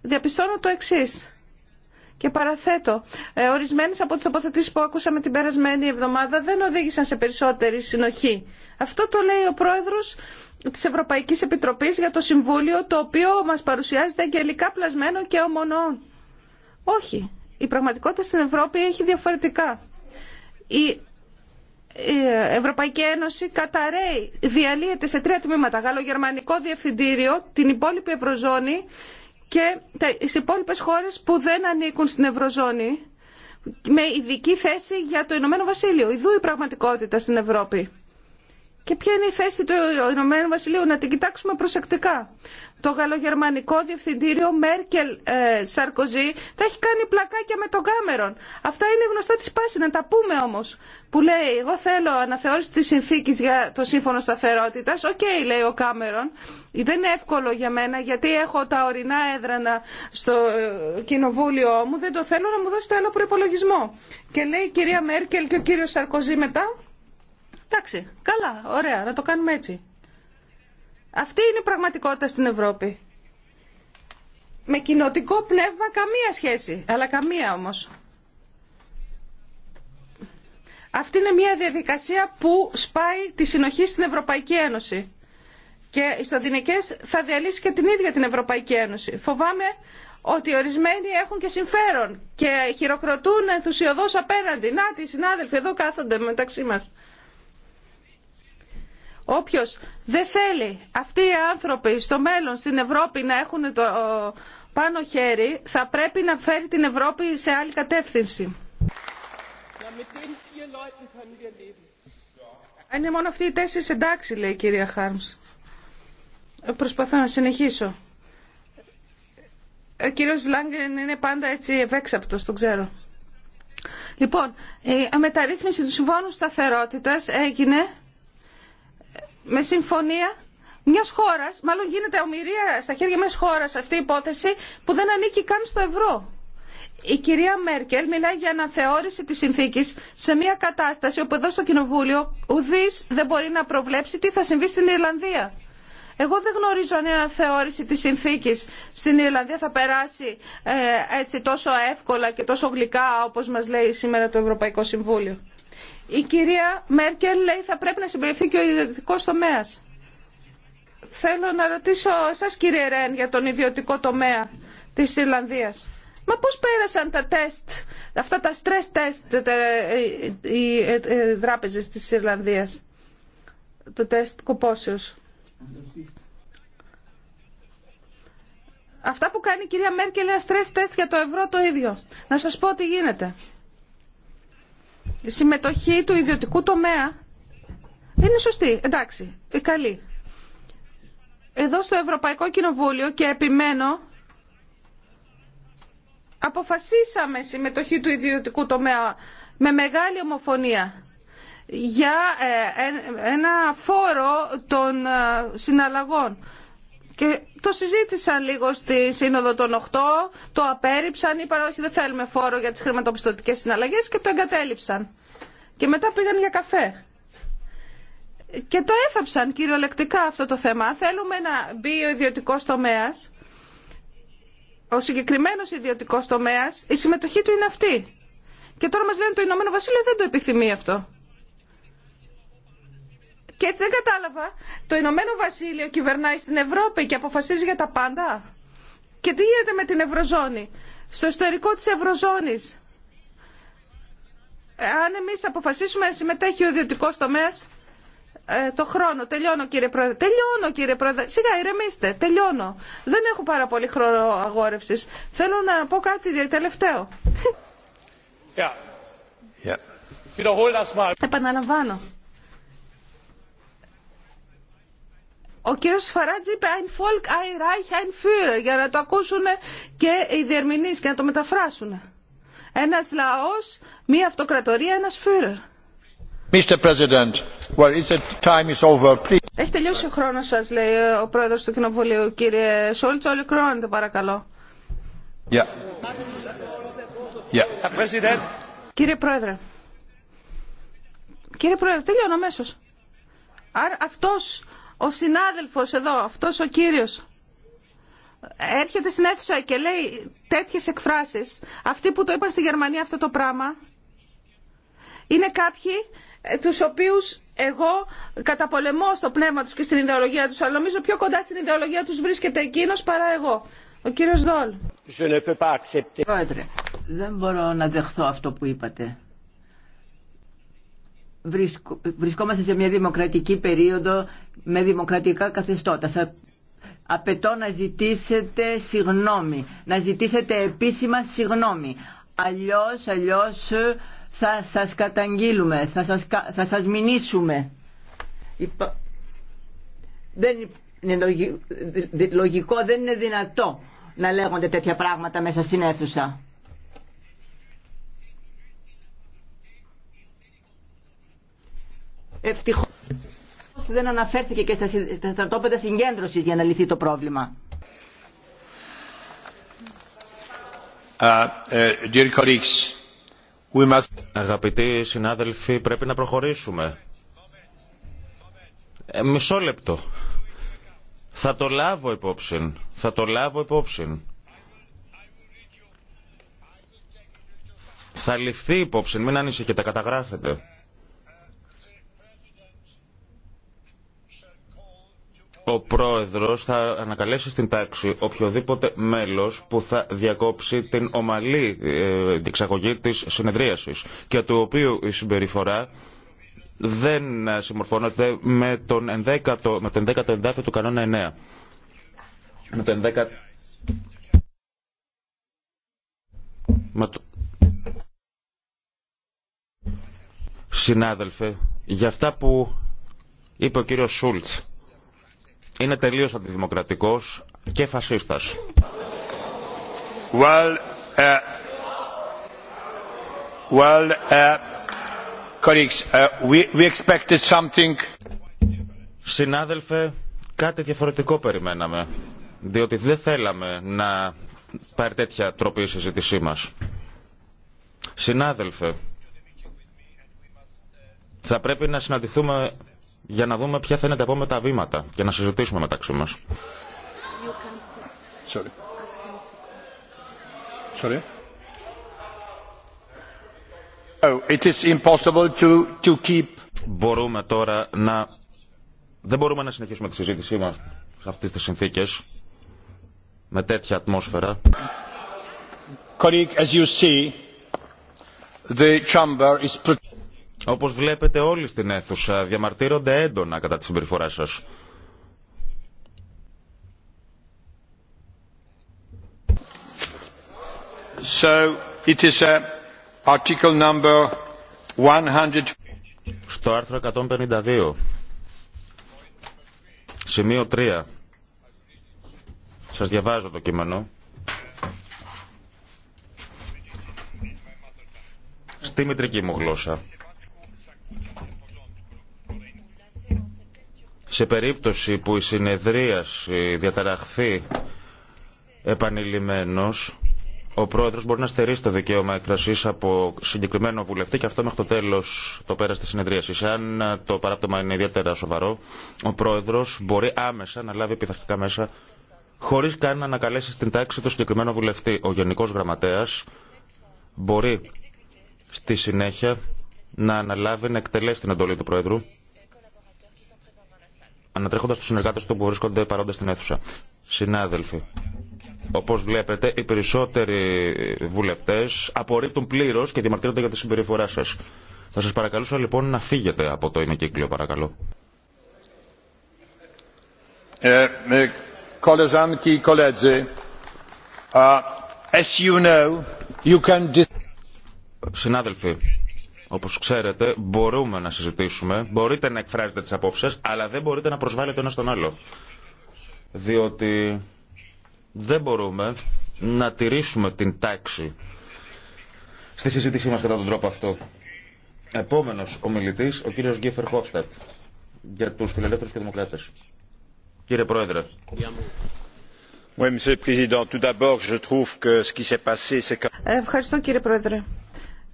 διαπιστώνω το εξής. Και παραθέτω, ε, ορισμένες από τις αποθετήσεις που ακούσαμε την περασμένη εβδομάδα δεν οδήγησαν σε περισσότερη συνοχή. Αυτό το λέει ο πρόεδρος της Ευρωπαϊκής Επιτροπής για το Συμβούλιο, το οποίο μας παρουσιάζεται αγγελικά πλασμένο και ομονών. Όχι. Η πραγματικότητα στην Ευρώπη έχει διαφορετικά η Ευρωπαϊκή Ένωση καταραίει, διαλύεται σε τρία τμήματα. Γαλλογερμανικό διευθυντήριο, την υπόλοιπη Ευρωζώνη και τις υπόλοιπες χώρες που δεν ανήκουν στην Ευρωζώνη με ειδική θέση για το Ηνωμένο Βασίλειο. Ιδού η πραγματικότητα στην Ευρώπη. Και ποια είναι η θέση του Ηνωμένου Βασιλείου, να την κοιτάξουμε προσεκτικά. Το γαλλογερμανικό διευθυντήριο Μέρκελ ε, Σαρκοζή τα έχει κάνει πλακάκια με τον Κάμερον. Αυτά είναι γνωστά τη πάση, να τα πούμε όμω. Που λέει, εγώ θέλω αναθεώρηση τη συνθήκη για το σύμφωνο σταθερότητα. Οκ, λέει ο Κάμερον. Δεν είναι εύκολο για μένα, γιατί έχω τα ορεινά έδρανα στο ε, κοινοβούλιο μου. Δεν το θέλω να μου δώσετε άλλο προπολογισμό. Και λέει η κυρία Μέρκελ και ο κύριο Σαρκοζή μετά Εντάξει, καλά, ωραία, να το κάνουμε έτσι. Αυτή είναι η πραγματικότητα στην Ευρώπη. Με κοινοτικό πνεύμα καμία σχέση, αλλά καμία όμως. Αυτή είναι μια διαδικασία που σπάει τη συνοχή στην Ευρωπαϊκή Ένωση. Και οι δυνικές θα διαλύσει και την ίδια την Ευρωπαϊκή Ένωση. Φοβάμαι ότι ορισμένοι έχουν και συμφέρον και χειροκροτούν ενθουσιοδός απέναντι. Να, συνάδελφοι εδώ κάθονται μεταξύ μας. Όποιος δεν θέλει αυτοί οι άνθρωποι στο μέλλον στην Ευρώπη να έχουν το πάνω χέρι θα πρέπει να φέρει την Ευρώπη σε άλλη κατεύθυνση. Είναι μόνο αυτοί οι τέσσερις εντάξει, λέει η κυρία Χάρμς. Ε, προσπαθώ να συνεχίσω. Ε, ο κύριος Λάγκεν είναι πάντα έτσι ευέξαπτος, το ξέρω. Λοιπόν, η μεταρρύθμιση του Συμφώνου Σταθερότητας έγινε με συμφωνία μια χώρα, μάλλον γίνεται ομοιρία στα χέρια μια χώρα αυτή η υπόθεση που δεν ανήκει καν στο ευρώ. Η κυρία Μέρκελ μιλάει για αναθεώρηση τη συνθήκη σε μια κατάσταση όπου εδώ στο Κοινοβούλιο ουδή δεν μπορεί να προβλέψει τι θα συμβεί στην Ιρλανδία. Εγώ δεν γνωρίζω αν η αναθεώρηση τη συνθήκη στην Ιρλανδία θα περάσει ε, έτσι τόσο εύκολα και τόσο γλυκά όπω μα λέει σήμερα το Ευρωπαϊκό Συμβούλιο. Η κυρία Μέρκελ λέει θα πρέπει να συμπεριφθεί και ο ιδιωτικό τομέας. Θέλω να ρωτήσω εσά κύριε Ρεν για τον ιδιωτικό τομέα της Ιρλανδίας. Μα πώς πέρασαν τα τεστ, αυτά τα stress test ε, ε, οι δράπεζες ε, της Ιρλανδίας, το τεστ κοπόσεως. Αυτά που κάνει η κυρία Μέρκελ είναι stress test για το ευρώ το ίδιο. Να σας πω τι γίνεται συμμετοχή του ιδιωτικού τομέα είναι σωστή, εντάξει, καλή. Εδώ στο Ευρωπαϊκό Κοινοβούλιο και επιμένω αποφασίσαμε συμμετοχή του ιδιωτικού τομέα με μεγάλη ομοφωνία για ε, ένα φόρο των ε, συναλλαγών και το συζήτησαν λίγο στη Σύνοδο των 8, το απέρριψαν, είπαν όχι δεν θέλουμε φόρο για τις χρηματοπιστωτικές συναλλαγές και το εγκατέλειψαν. Και μετά πήγαν για καφέ. Και το έθαψαν κυριολεκτικά αυτό το θέμα. Θέλουμε να μπει ο ιδιωτικός τομέας, ο συγκεκριμένος ιδιωτικός τομέας, η συμμετοχή του είναι αυτή. Και τώρα μας λένε το Ηνωμένο Βασίλειο δεν το επιθυμεί αυτό. Και δεν κατάλαβα, το Ηνωμένο Βασίλειο κυβερνάει στην Ευρώπη και αποφασίζει για τα πάντα. Και τι γίνεται με την Ευρωζώνη. Στο ιστορικό της Ευρωζώνης, αν εμείς αποφασίσουμε να συμμετέχει ο ιδιωτικό τομέα. Ε, το χρόνο, τελειώνω κύριε Πρόεδρε. Τελειώνω κύριε Πρόεδρε. Σιγά ηρεμήστε, τελειώνω. Δεν έχω πάρα πολύ χρόνο αγόρευσης. Θέλω να πω κάτι τελευταίο. Επαναλαμβάνω. Ο κύριος Φαράτζη είπε «Ein Volk, ein Reich, ein Führer» για να το ακούσουν και οι διερμηνείς και να το μεταφράσουν. Ένας λαός, μία αυτοκρατορία, ένας Führer. Mr. President, well, is time is over, please. Έχει τελειώσει ο χρόνο σα, λέει ο πρόεδρο του Κοινοβουλίου. Κύριε όλοι ολοκληρώνετε παρακαλώ. Yeah. Yeah. Κύριε Πρόεδρε. Κύριε Πρόεδρε, τελειώνω αμέσω. Αν αυτός ο συνάδελφος εδώ, αυτός ο κύριος, έρχεται στην αίθουσα και λέει τέτοιες εκφράσεις. Αυτοί που το είπαν στη Γερμανία αυτό το πράγμα, είναι κάποιοι ε, τους οποίους εγώ καταπολεμώ στο πνεύμα τους και στην ιδεολογία τους, αλλά νομίζω πιο κοντά στην ιδεολογία τους βρίσκεται εκείνος παρά εγώ. Ο κύριος Δόλ. δεν μπορώ να δεχθώ αυτό που είπατε βρισκόμαστε σε μια δημοκρατική περίοδο με δημοκρατικά καθεστώτα. απαιτώ να ζητήσετε συγνώμη, να ζητήσετε επίσημα συγνώμη. Αλλιώς, αλλιώς θα σας καταγγείλουμε, θα σας, θα σας μηνύσουμε. Δεν είναι λογικό, δεν είναι δυνατό να λέγονται τέτοια πράγματα μέσα στην αίθουσα. Ευτυχώς δεν αναφέρθηκε και στα στρατόπεδα συγκέντρωσης για να λυθεί το πρόβλημα. Uh, uh, we must... Αγαπητοί συνάδελφοι, πρέπει να προχωρήσουμε. Ε, μισό λεπτό. Θα το λάβω υπόψη. Θα το λάβω υπόψη. Θα ληφθεί υπόψη. Μην ανησυχείτε, καταγράφετε. ο πρόεδρος θα ανακαλέσει στην τάξη οποιοδήποτε μέλος που θα διακόψει την ομαλή διεξαγωγή ε, της συνεδρίασης και του οποίου η συμπεριφορά δεν συμμορφώνεται με τον 11ο, με τον του κανόνα 9. Με τον Συνάδελφε, για αυτά που είπε ο κύριος Σούλτς, είναι τελείως αντιδημοκρατικός και φασίστας. Well, uh, uh, uh, we, expected something. Συνάδελφε, κάτι διαφορετικό περιμέναμε, διότι δεν θέλαμε να πάρει τέτοια τροπή η συζήτησή μας. Συνάδελφε, θα πρέπει να συναντηθούμε για να δούμε ποια θα είναι τα επόμενα βήματα και να συζητήσουμε μεταξύ μας. Sorry. Sorry. Oh, it is impossible to, to keep... Μπορούμε τώρα να... Δεν μπορούμε να συνεχίσουμε τη συζήτησή μας σε αυτές τις συνθήκες, με τέτοια ατμόσφαιρα. Colleague, as you see, the chamber is... Όπως βλέπετε όλοι στην αίθουσα διαμαρτύρονται έντονα κατά τη συμπεριφορά σας. So, it is uh, article number Στο άρθρο 152, σημείο 3, σας διαβάζω το κείμενο. Στη μητρική μου γλώσσα. Σε περίπτωση που η συνεδρίαση διαταραχθεί επανειλημμένος, ο πρόεδρος μπορεί να στερήσει το δικαίωμα εκφρασής από συγκεκριμένο βουλευτή και αυτό μέχρι το τέλος το πέρας τη συνεδρίαση. Αν το παράπτωμα είναι ιδιαίτερα σοβαρό, ο πρόεδρος μπορεί άμεσα να λάβει επιθαρχικά μέσα, χωρίς καν να ανακαλέσει στην τάξη το συγκεκριμένο βουλευτή. Ο γενικός γραμματέας μπορεί στη συνέχεια να αναλάβει να εκτελέσει την εντολή του πρόεδρου ανατρέχοντας τους συνεργάτες του που βρίσκονται παρόντες στην αίθουσα. Συνάδελφοι, όπως βλέπετε, οι περισσότεροι βουλευτές απορρίπτουν πλήρως και διαμαρτύρονται για τη συμπεριφορά σας. Θα σας παρακαλούσα λοιπόν να φύγετε από το ημικύκλιο, παρακαλώ. Συνάδελφοι, όπως ξέρετε, μπορούμε να συζητήσουμε, μπορείτε να εκφράζετε τις απόψεις, αλλά δεν μπορείτε να προσβάλλετε ένα τον άλλο. Διότι δεν μπορούμε να τηρήσουμε την τάξη στη συζήτησή μας κατά τον τρόπο αυτό. Επόμενος ομιλητής, ο κύριος Γκίφερ Χόφστατ, για τους φιλελεύθερους και δημοκράτες. Κύριε Πρόεδρε. Ευχαριστώ κύριε Πρόεδρε.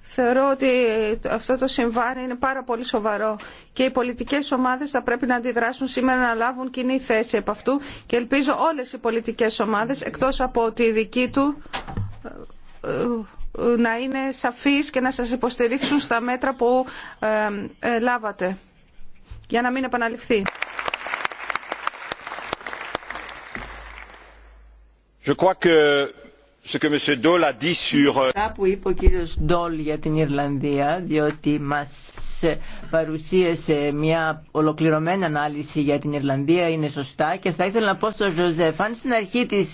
Θεωρώ ότι αυτό το συμβάν είναι πάρα πολύ σοβαρό και οι πολιτικές ομάδες θα πρέπει να αντιδράσουν σήμερα να λάβουν κοινή θέση από αυτού και ελπίζω όλες οι πολιτικές ομάδες εκτός από τη δική του να είναι σαφείς και να σας υποστηρίξουν στα μέτρα που ε, λάβατε για να μην επαναληφθεί. Je crois que... Euh, Αυτά που είπε ο κύριος Ντόλ για την Ιρλανδία, διότι μας παρουσίασε μια ολοκληρωμένη ανάλυση για την Ιρλανδία είναι σωστά και θα ήθελα να πω στον Ζωζεφ, αν στην αρχή τη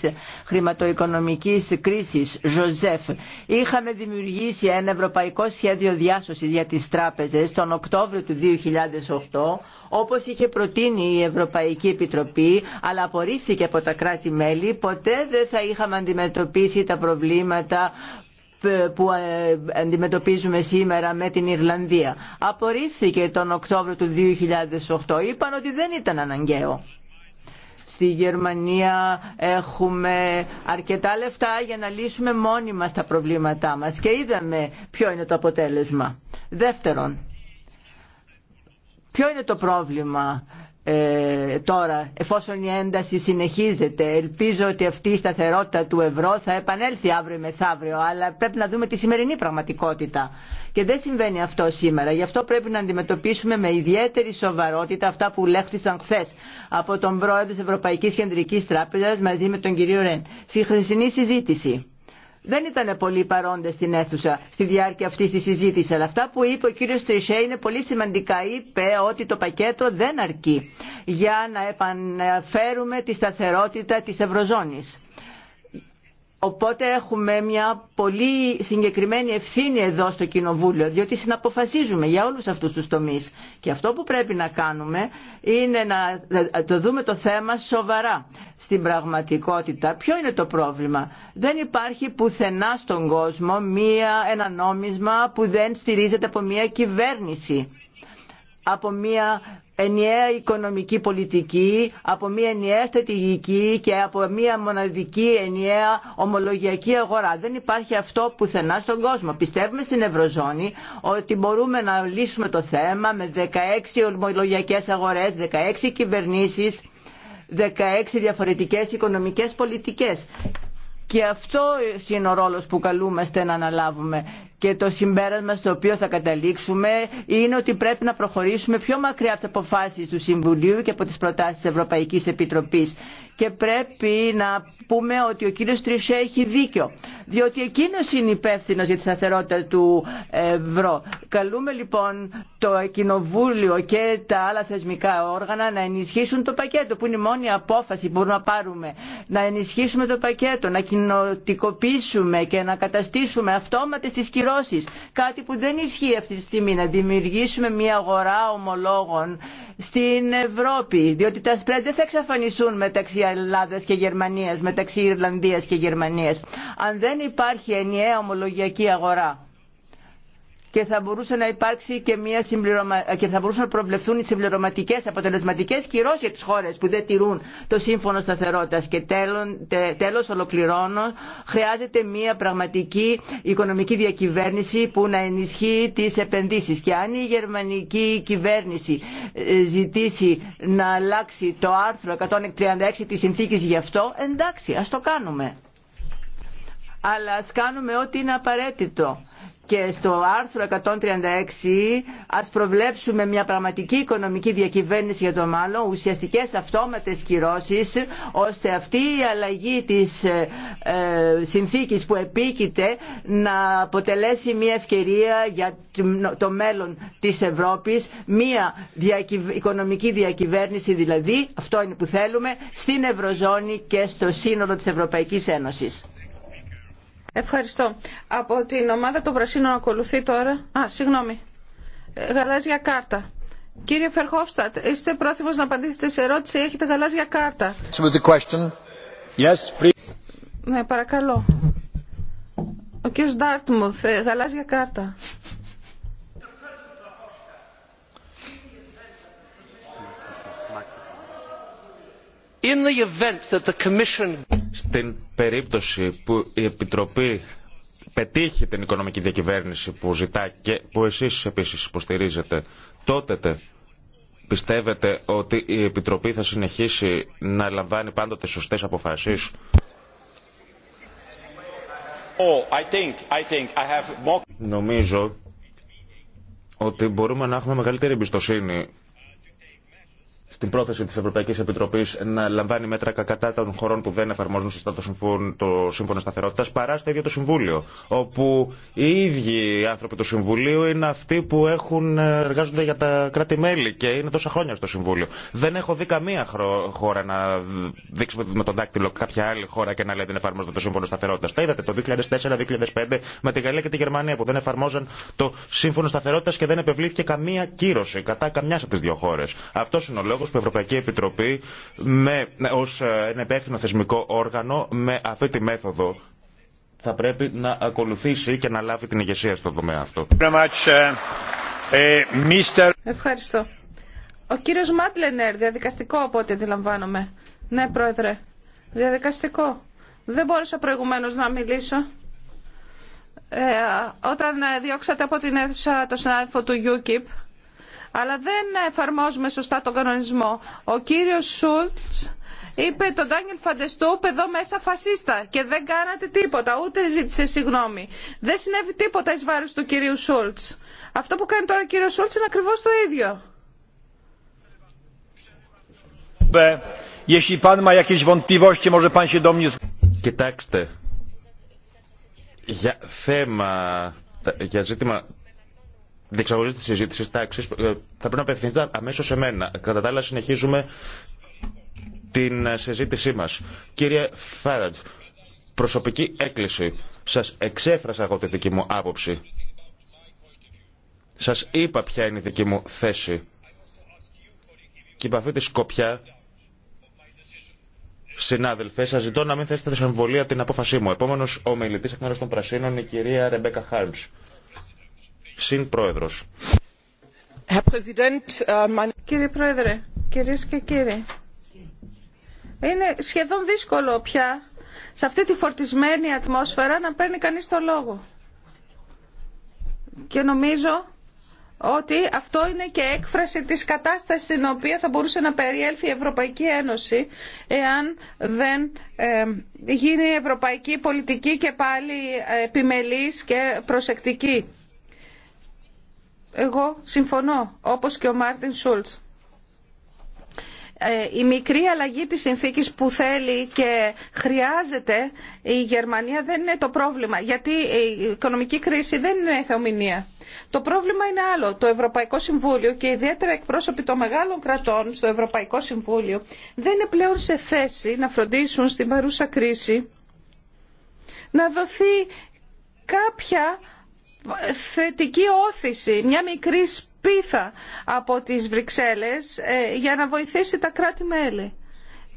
χρηματοοικονομικής κρίσης, Ζωζεφ, είχαμε δημιουργήσει ένα ευρωπαϊκό σχέδιο διάσωση για τις τράπεζες τον Οκτώβριο του 2008, όπως είχε προτείνει η Ευρωπαϊκή Επιτροπή, αλλά απορρίφθηκε από τα κράτη-μέλη, ποτέ δεν θα είχαμε αντιμετωπίσει τα προβλήματα που ε, αντιμετωπίζουμε σήμερα με την Ιρλανδία. Απορρίφθηκε τον Οκτώβριο του 2008. Είπαν ότι δεν ήταν αναγκαίο. Στη Γερμανία έχουμε αρκετά λεφτά για να λύσουμε μόνοι μας τα προβλήματά μας και είδαμε ποιο είναι το αποτέλεσμα. Δεύτερον, ποιο είναι το πρόβλημα ε, τώρα εφόσον η ένταση συνεχίζεται ελπίζω ότι αυτή η σταθερότητα του ευρώ θα επανέλθει αύριο μεθαύριο αλλά πρέπει να δούμε τη σημερινή πραγματικότητα και δεν συμβαίνει αυτό σήμερα γι' αυτό πρέπει να αντιμετωπίσουμε με ιδιαίτερη σοβαρότητα αυτά που λέχθησαν χθε από τον πρόεδρο της Ευρωπαϊκής Κεντρικής Τράπεζας μαζί με τον κύριο Ρεν στη χθεσινή συζήτηση δεν ήταν πολύ παρόντες στην αίθουσα στη διάρκεια αυτή τη συζήτηση, Αλλά αυτά που είπε ο κύριος Τρισέ είναι πολύ σημαντικά. Είπε ότι το πακέτο δεν αρκεί για να επαναφέρουμε τη σταθερότητα τη Ευρωζώνης. Οπότε έχουμε μια πολύ συγκεκριμένη ευθύνη εδώ στο Κοινοβούλιο, διότι συναποφασίζουμε για όλους αυτούς τους τομείς. Και αυτό που πρέπει να κάνουμε είναι να το δούμε το θέμα σοβαρά. Στην πραγματικότητα, ποιο είναι το πρόβλημα. Δεν υπάρχει πουθενά στον κόσμο μια, ένα νόμισμα που δεν στηρίζεται από μια κυβέρνηση από μια ενιαία οικονομική πολιτική, από μια ενιαία στρατηγική και από μια μοναδική ενιαία ομολογιακή αγορά. Δεν υπάρχει αυτό πουθενά στον κόσμο. Πιστεύουμε στην Ευρωζώνη ότι μπορούμε να λύσουμε το θέμα με 16 ομολογιακές αγορές, 16 κυβερνήσεις, 16 διαφορετικές οικονομικές πολιτικές. Και αυτό είναι ο ρόλος που καλούμαστε να αναλάβουμε και το συμπέρασμα στο οποίο θα καταλήξουμε είναι ότι πρέπει να προχωρήσουμε πιο μακριά από τι αποφάσει του Συμβουλίου και από τι προτάσει τη Ευρωπαϊκή Επιτροπή. Και πρέπει να πούμε ότι ο κύριο Τρισέ έχει δίκιο, διότι εκείνο είναι υπεύθυνο για τη σταθερότητα του ευρώ. Καλούμε λοιπόν το Κοινοβούλιο και τα άλλα θεσμικά όργανα να ενισχύσουν το πακέτο, που είναι η μόνη απόφαση που μπορούμε να πάρουμε. Να ενισχύσουμε το πακέτο, να κοινοτικοποιήσουμε και να καταστήσουμε αυτόματε τι Κάτι που δεν ισχύει αυτή τη στιγμή. Να δημιουργήσουμε μια αγορά ομολόγων στην Ευρώπη. Διότι τα σπρέντ δεν θα εξαφανιστούν μεταξύ Ελλάδας και Γερμανίας, μεταξύ Ιρλανδίας και Γερμανίας. Αν δεν υπάρχει ενιαία ομολογιακή αγορά και θα μπορούσε να υπάρξει και μια συμπληρωμα... και θα μπορούσαν να προβλεφθούν οι συμπληρωματικέ αποτελεσματικέ κυρώσει για τι χώρε που δεν τηρούν το σύμφωνο σταθερότητα. Και τέλο, ολοκληρώνω, χρειάζεται μια πραγματική οικονομική διακυβέρνηση που να ενισχύει τι επενδύσει. Και αν η γερμανική κυβέρνηση ε, ζητήσει να αλλάξει το άρθρο 136 τη συνθήκη γι' αυτό, εντάξει, α το κάνουμε αλλά ας κάνουμε ό,τι είναι απαραίτητο. Και στο άρθρο 136 ας προβλέψουμε μια πραγματική οικονομική διακυβέρνηση για το μάλλον, ουσιαστικές αυτόματες κυρώσεις, ώστε αυτή η αλλαγή της ε, ε συνθήκης που επίκειται να αποτελέσει μια ευκαιρία για το μέλλον της Ευρώπης, μια οικονομική διακυβέρνηση δηλαδή, αυτό είναι που θέλουμε, στην Ευρωζώνη και στο σύνολο της Ευρωπαϊκής Ένωσης. Ευχαριστώ. Από την ομάδα των Πρασίνων ακολουθεί τώρα. Α, συγγνώμη. Ε, γαλάζια κάρτα. Κύριε Φερχόφστατ, είστε πρόθυμος να απαντήσετε σε ερώτηση. Έχετε γαλάζια κάρτα. Yes, ναι, παρακαλώ. Ο κύριος Ντάρτμουθ, ε, γαλάζια κάρτα. In the event that the commission... Στην περίπτωση που η Επιτροπή πετύχει την οικονομική διακυβέρνηση που ζητά και που εσείς επίσης υποστηρίζετε, τότε πιστεύετε ότι η Επιτροπή θα συνεχίσει να λαμβάνει πάντοτε σωστές αποφάσεις. Oh, I think, I Νομίζω ότι μπορούμε να έχουμε μεγαλύτερη εμπιστοσύνη την πρόθεση τη Ευρωπαϊκή Επιτροπή να λαμβάνει μέτρα κατά των χωρών που δεν εφαρμόζουν σωστά το, συμφων, το Σύμφωνο σταθερότητα. παρά στο ίδιο το Συμβούλιο, όπου οι ίδιοι άνθρωποι του Συμβουλίου είναι αυτοί που έχουν, ε, εργάζονται για τα κράτη-μέλη και είναι τόσα χρόνια στο Συμβούλιο. Δεν έχω δει καμία χώρα να δείξει με τον δάκτυλο κάποια άλλη χώρα και να λέει δεν εφαρμόζεται το Σύμφωνο σταθερότητα. Τα είδατε το 2004-2005 με τη Γαλλία και τη Γερμανία που δεν εφαρμόζαν το Σύμφωνο σταθερότητα και δεν επευλήθηκε καμία κύρωση κατά καμιά από τι δύο χώρε. Αυτό είναι ο λόγο που η Ευρωπαϊκή Επιτροπή με, ως ε, ένα υπεύθυνο θεσμικό όργανο με αυτή τη μέθοδο θα πρέπει να ακολουθήσει και να λάβει την ηγεσία στο τομέα αυτό. Ε, ε, Ευχαριστώ. Ο κύριος Μάτλενερ, διαδικαστικό από ό,τι αντιλαμβάνομαι. Ναι, πρόεδρε. Διαδικαστικό. Δεν μπόρεσα προηγουμένως να μιλήσω. όταν διώξατε από την αίθουσα το συνάδελφο του UKIP, αλλά δεν εφαρμόζουμε σωστά τον κανονισμό. Ο κύριος Σούλτς είπε τον Ντάνιελ Φαντεστούπ εδώ μέσα φασίστα και δεν κάνατε τίποτα, ούτε ζήτησε συγγνώμη. Δεν συνέβη τίποτα εις βάρος του κυρίου Σούλτς. Αυτό που κάνει τώρα ο κύριος Σούλτς είναι ακριβώς το ίδιο. Κοιτάξτε, για θέμα, για ζήτημα διεξαγωγή τη συζήτηση τάξη ε, θα πρέπει να απευθυνθείτε αμέσω σε μένα. Κατά τα άλλα, συνεχίζουμε την ε, συζήτησή μα. Κύριε Φάραντ, προσωπική έκκληση. Σα εξέφρασα εγώ τη δική μου άποψη. Σα είπα ποια είναι η δική μου θέση. Και υπ' τη σκοπιά, συνάδελφε, σα ζητώ να μην θέσετε σε εμβολία την απόφασή μου. Επόμενο ομιλητή εκ μέρου των Πρασίνων, η κυρία Ρεμπέκα Χάρμ. Συν Πρόεδρος. Äh, Κύριε Πρόεδρε, κυρίες και κύριοι, είναι σχεδόν δύσκολο πια σε αυτή τη φορτισμένη ατμόσφαιρα να παίρνει κανείς το λόγο. Και νομίζω ότι αυτό είναι και έκφραση της κατάστασης στην οποία θα μπορούσε να περιέλθει η Ευρωπαϊκή Ένωση εάν δεν γίνει η ευρωπαϊκή πολιτική και πάλι ε, επιμελής και προσεκτική. Εγώ συμφωνώ, όπως και ο Μάρτιν Σούλτς. Ε, η μικρή αλλαγή της συνθήκης που θέλει και χρειάζεται η Γερμανία δεν είναι το πρόβλημα, γιατί η οικονομική κρίση δεν είναι θεομηνία. Το πρόβλημα είναι άλλο. Το Ευρωπαϊκό Συμβούλιο και ιδιαίτερα εκπρόσωποι των μεγάλων κρατών στο Ευρωπαϊκό Συμβούλιο δεν είναι πλέον σε θέση να φροντίσουν στην παρούσα κρίση να δοθεί κάποια θετική όθηση, μια μικρή σπίθα από τις Βρυξέλλες ε, για να βοηθήσει τα κράτη-μέλη.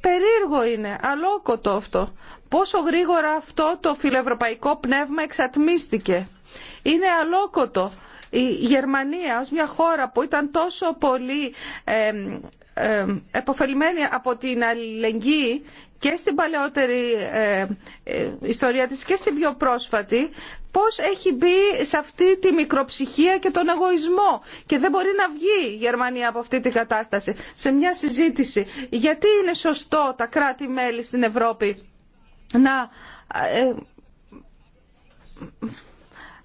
Περίεργο είναι, αλόκοτο αυτό. Πόσο γρήγορα αυτό το φιλευρωπαϊκό πνεύμα εξατμίστηκε. Είναι αλόκοτο. Η Γερμανία ως μια χώρα που ήταν τόσο πολύ ε, ε από την αλληλεγγύη και στην παλαιότερη ε, ε, ιστορία της και στην πιο πρόσφατη πώς έχει μπει σε αυτή τη μικροψυχία και τον εγωισμό και δεν μπορεί να βγει η Γερμανία από αυτή την κατάσταση σε μια συζήτηση. Γιατί είναι σωστό τα κράτη-μέλη στην Ευρώπη να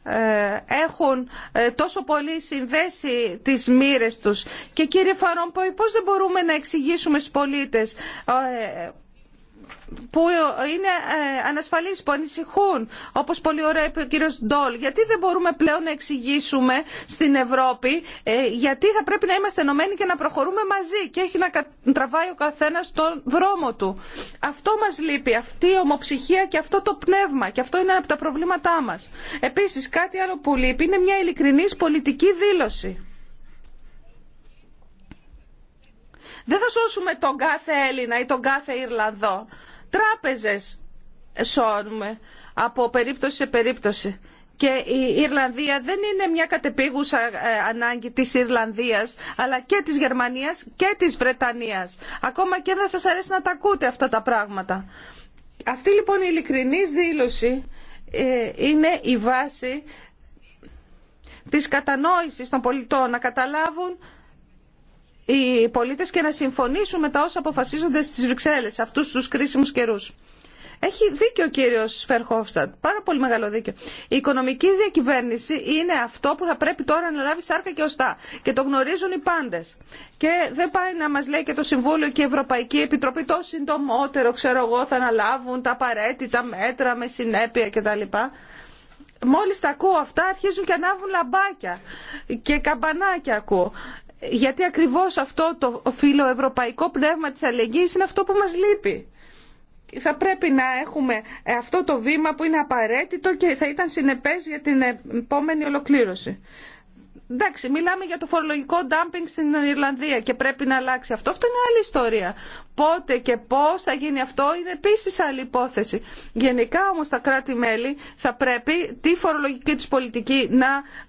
ε, έχουν τόσο πολύ συνδέσει τις μοίρες τους. Και κύριε Φαρόμπο, πώς δεν μπορούμε να εξηγήσουμε στους πολίτες που είναι ε, ανασφαλείς, που ανησυχούν, όπως πολύ ωραία είπε ο κύριος Ντόλ. Γιατί δεν μπορούμε πλέον να εξηγήσουμε στην Ευρώπη ε, γιατί θα πρέπει να είμαστε ενωμένοι και να προχωρούμε μαζί και έχει να τραβάει ο καθένας τον δρόμο του. Αυτό μας λείπει, αυτή η ομοψυχία και αυτό το πνεύμα και αυτό είναι ένα από τα προβλήματά μας. Επίσης κάτι άλλο που λείπει είναι μια ειλικρινής πολιτική δήλωση Δεν θα σώσουμε τον κάθε Έλληνα ή τον κάθε Ιρλανδό. Τράπεζες σώνουμε από περίπτωση σε περίπτωση. Και η Ιρλανδία δεν είναι μια κατεπίγουσα ε, ανάγκη της Ιρλανδίας, αλλά και της Γερμανίας και της Βρετανίας. Ακόμα και δεν σας αρέσει να τα ακούτε αυτά τα πράγματα. Αυτή λοιπόν η ειλικρινής δήλωση ε, είναι η βάση της κατανόησης των πολιτών να καταλάβουν οι πολίτε και να συμφωνήσουν με τα όσα αποφασίζονται στι Βρυξέλλες αυτού του κρίσιμου καιρού. Έχει δίκιο ο κύριο Φερχόφστατ, πάρα πολύ μεγάλο δίκιο. Η οικονομική διακυβέρνηση είναι αυτό που θα πρέπει τώρα να λάβει σάρκα και οστά και το γνωρίζουν οι πάντε. Και δεν πάει να μα λέει και το Συμβούλιο και η Ευρωπαϊκή Επιτροπή το συντομότερο, ξέρω εγώ, θα αναλάβουν τα απαραίτητα μέτρα με συνέπεια κτλ. Μόλι τα ακούω αυτά αρχίζουν και ανάβουν λαμπάκια και καμπανάκια ακούω γιατί ακριβώς αυτό το φιλοευρωπαϊκό πνεύμα της αλληλεγγύης είναι αυτό που μας λείπει. Θα πρέπει να έχουμε αυτό το βήμα που είναι απαραίτητο και θα ήταν συνεπές για την επόμενη ολοκλήρωση. Εντάξει, μιλάμε για το φορολογικό dumping στην Ιρλανδία και πρέπει να αλλάξει αυτό. Αυτό είναι άλλη ιστορία. Πότε και πώ θα γίνει αυτό είναι επίση άλλη υπόθεση. Γενικά όμω τα κράτη-μέλη θα πρέπει τη φορολογική του πολιτική να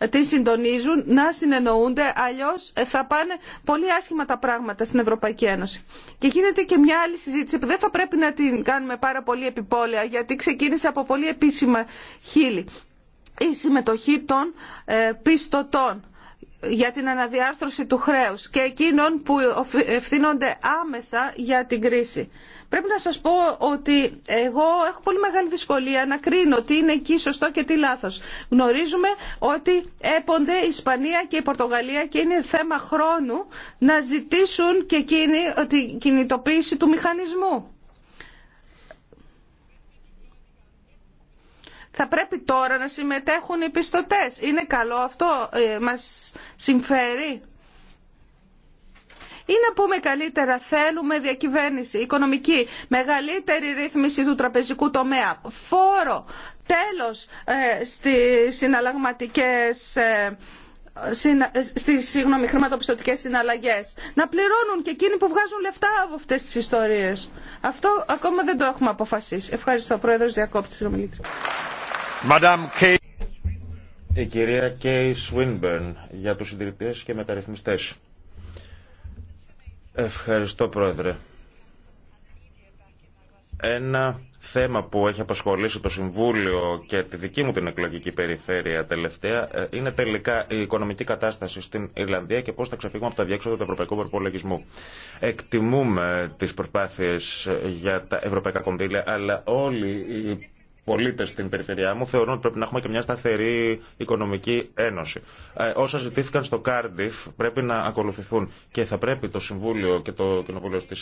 τη συντονίζουν, να συνεννοούνται, αλλιώ θα πάνε πολύ άσχημα τα πράγματα στην Ευρωπαϊκή Ένωση. Και γίνεται και μια άλλη συζήτηση που δεν θα πρέπει να την κάνουμε πάρα πολύ επιπόλαια γιατί ξεκίνησε από πολύ επίσημα χείλη η συμμετοχή των ε, πιστωτών για την αναδιάρθρωση του χρέους και εκείνων που ευθύνονται άμεσα για την κρίση. Πρέπει να σας πω ότι εγώ έχω πολύ μεγάλη δυσκολία να κρίνω τι είναι εκεί σωστό και τι λάθος. Γνωρίζουμε ότι έπονται η Ισπανία και η Πορτογαλία και είναι θέμα χρόνου να ζητήσουν και εκείνη την κινητοποίηση του μηχανισμού. θα πρέπει τώρα να συμμετέχουν οι πιστωτές. Είναι καλό αυτό, ε, μας συμφέρει. Ή να πούμε καλύτερα, θέλουμε διακυβέρνηση, οικονομική, μεγαλύτερη ρύθμιση του τραπεζικού τομέα, φόρο, τέλος ε, στις συναλλαγματικές ε, ε, στις συγγνώμη, χρηματοπιστωτικές συναλλαγές να πληρώνουν και εκείνοι που βγάζουν λεφτά από αυτές τις ιστορίες αυτό ακόμα δεν το έχουμε αποφασίσει ευχαριστώ πρόεδρος Διακόπτης η κυρία Κέι Σουίνμπερν για τους συντηρητές και μεταρρυθμιστές. Ευχαριστώ πρόεδρε. Ένα θέμα που έχει απασχολήσει το Συμβούλιο και τη δική μου την εκλογική περιφέρεια τελευταία ε, είναι τελικά η οικονομική κατάσταση στην Ιρλανδία και πώς θα ξεφύγουμε από τα διέξοδα του ευρωπαϊκού προπολογισμού. Εκτιμούμε τις προσπάθειες για τα ευρωπαϊκά κονδύλια, αλλά όλοι οι πολίτε στην περιφερειά μου θεωρούν ότι πρέπει να έχουμε και μια σταθερή οικονομική ένωση. Ε, όσα ζητήθηκαν στο Κάρντιφ πρέπει να ακολουθηθούν και θα πρέπει το Συμβούλιο και το Κοινοβούλιο στι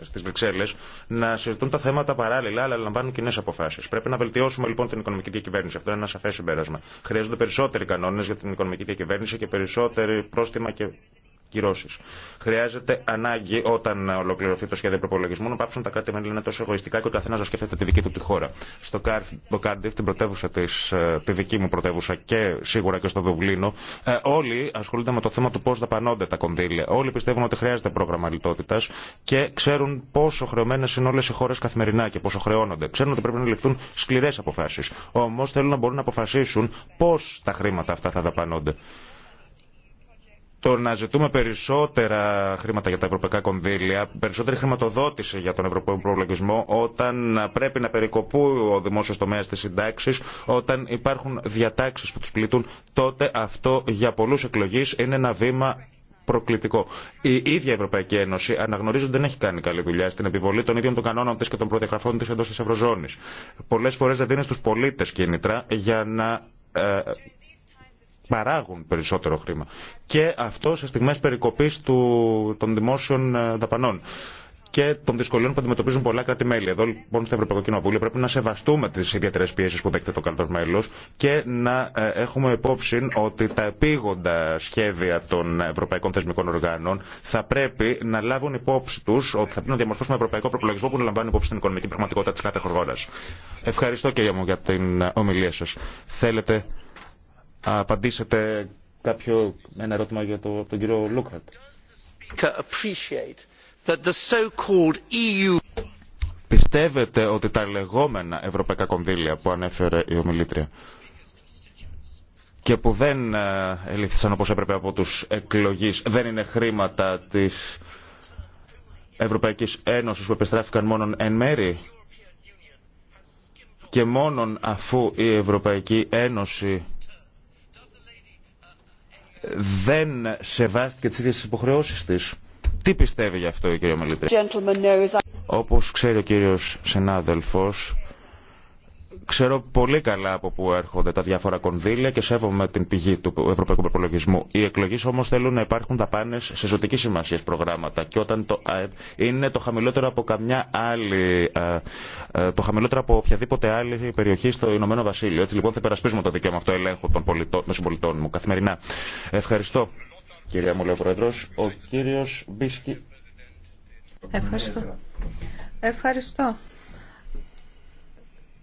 στις, Βρυξέλλε να συζητούν τα θέματα παράλληλα, αλλά λαμβάνουν κοινέ αποφάσει. Πρέπει να βελτιώσουμε λοιπόν την οικονομική διακυβέρνηση. Αυτό είναι ένα σαφέ συμπέρασμα. Χρειάζονται περισσότεροι κανόνε για την οικονομική διακυβέρνηση και περισσότερη πρόστιμα και Χρειάζεται ανάγκη όταν ολοκληρωθεί το σχέδιο προπολογισμού να πάψουν τα κράτη μέλη να είναι τόσο εγωιστικά και ο καθένα να σκέφτεται τη δική του τη χώρα. Στο Κάρντιφ, την πρωτεύουσα ε, τη δική μου πρωτεύουσα και σίγουρα και στο Δουβλίνο, ε, όλοι ασχολούνται με το θέμα του πώ δαπανώνται τα κονδύλια. Όλοι πιστεύουν ότι χρειάζεται πρόγραμμα λιτότητα και ξέρουν πόσο χρεωμένε είναι όλε οι χώρε καθημερινά και πόσο χρεώνονται. Ξέρουν ότι πρέπει να ληφθούν σκληρέ αποφάσει. Όμω θέλουν να μπορούν να αποφασίσουν πώ τα χρήματα αυτά θα δαπανώνται το να ζητούμε περισσότερα χρήματα για τα ευρωπαϊκά κονδύλια, περισσότερη χρηματοδότηση για τον ευρωπαϊκό προλογισμό, όταν πρέπει να περικοπούει ο δημόσιο τομέα τη συντάξη, όταν υπάρχουν διατάξει που του πλήττουν, τότε αυτό για πολλού εκλογεί είναι ένα βήμα προκλητικό. Η ίδια η Ευρωπαϊκή Ένωση αναγνωρίζει ότι δεν έχει κάνει καλή δουλειά στην επιβολή των ίδιων των κανόνων τη και των προδιαγραφών τη εντό τη Ευρωζώνη. Πολλέ φορέ δεν δίνει στου πολίτε κίνητρα για να ε, παράγουν περισσότερο χρήμα. Και αυτό σε στιγμές περικοπής των δημόσιων ε, δαπανών και των δυσκολιών που αντιμετωπίζουν πολλά κράτη-μέλη. Εδώ λοιπόν στο Ευρωπαϊκό Κοινοβούλιο πρέπει να σεβαστούμε τι ιδιαίτερε πιέσει που δέχεται το καλό μέλο και να ε, έχουμε υπόψη ότι τα επίγοντα σχέδια των ευρωπαϊκών θεσμικών οργάνων θα πρέπει να λάβουν υπόψη του ότι θα πρέπει να διαμορφώσουμε ευρωπαϊκό προπολογισμό που να λαμβάνει υπόψη την οικονομική πραγματικότητα τη κάθε χώρα. Ευχαριστώ κύριε μου για την ομιλία σα. Θέλετε απαντήσετε κάποιο ένα ερώτημα για το, τον κύριο Λούκαρτ. E Πιστεύετε ότι τα λεγόμενα ευρωπαϊκά κονδύλια που ανέφερε η ομιλήτρια και που δεν ε, ελήφθησαν όπως έπρεπε από τους εκλογείς, δεν είναι χρήματα της Ευρωπαϊκής Ένωσης που επιστράφηκαν μόνον εν μέρη και μόνον αφού η Ευρωπαϊκή Ένωση δεν σεβάστηκε τις ίδιες τις υποχρεώσεις της. Τι πιστεύει γι' αυτό η κυρία Μελίτρη. Όπως ξέρει ο κύριος συνάδελφος, Ξέρω πολύ καλά από πού έρχονται τα διάφορα κονδύλια και σέβομαι την πηγή του Ευρωπαϊκού Προπολογισμού. Οι εκλογέ όμω θέλουν να υπάρχουν δαπάνε σε ζωτική σημασία προγράμματα και όταν το ΑΕΠ είναι το χαμηλότερο από καμιά άλλη, ε, ε, το χαμηλότερο από οποιαδήποτε άλλη περιοχή στο Ηνωμένο Βασίλειο. Έτσι λοιπόν θα υπερασπίζουμε το δικαίωμα αυτό ελέγχου των συμπολιτών μου καθημερινά. Ευχαριστώ κυρία μου, ο Ο κύριος Μπίσκι. Ευχαριστώ. Ευχαριστώ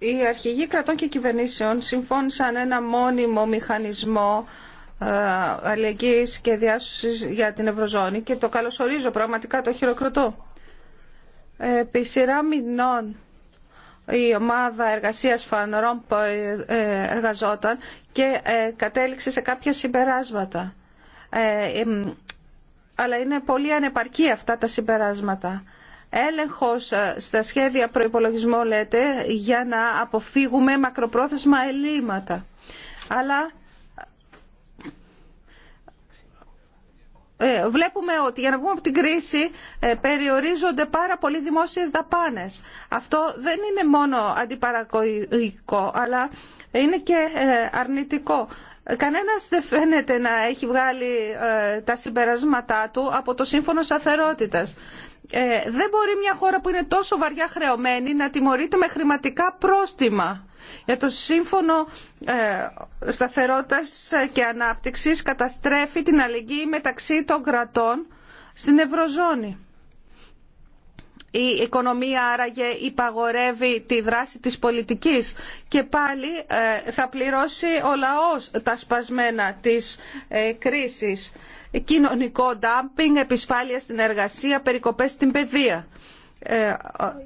οι αρχηγοί κρατών και κυβερνήσεων συμφώνησαν ένα μόνιμο μηχανισμό ε, αλληλεγγύης και διάσωσης για την Ευρωζώνη και το καλωσορίζω πραγματικά, το χειροκροτώ. Επί σειρά μηνών η ομάδα εργασίας Φαν που ε, εργαζόταν και ε, κατέληξε σε κάποια συμπεράσματα. Αλλά είναι πολύ ανεπαρκή αυτά τα συμπεράσματα έλεγχος ε, στα σχέδια προϋπολογισμού λέτε για να αποφύγουμε μακροπρόθεσμα ελλείμματα. Αλλά ε, βλέπουμε ότι για να βγούμε από την κρίση ε, περιορίζονται πάρα πολλοί δημόσιες δαπάνες. Αυτό δεν είναι μόνο αντιπαραγωγικό, αλλά είναι και αρνητικό. Κανένας δεν φαίνεται να έχει βγάλει τα συμπεράσματά του από το Σύμφωνο Σταθερότητας. Ε, δεν μπορεί μια χώρα που είναι τόσο βαριά χρεωμένη να τιμωρείται με χρηματικά πρόστιμα. Για το σύμφωνο ε, σταθερότητας και ανάπτυξης καταστρέφει την αλληλεγγύη μεταξύ των κρατών στην Ευρωζώνη η οικονομία άραγε υπαγορεύει τη δράση της πολιτικής και πάλι ε, θα πληρώσει ο λαός τα σπασμένα της ε, κρίσης. Κοινωνικό ντάμπινγκ, επισφάλεια στην εργασία, περικοπές στην παιδεία. Ε,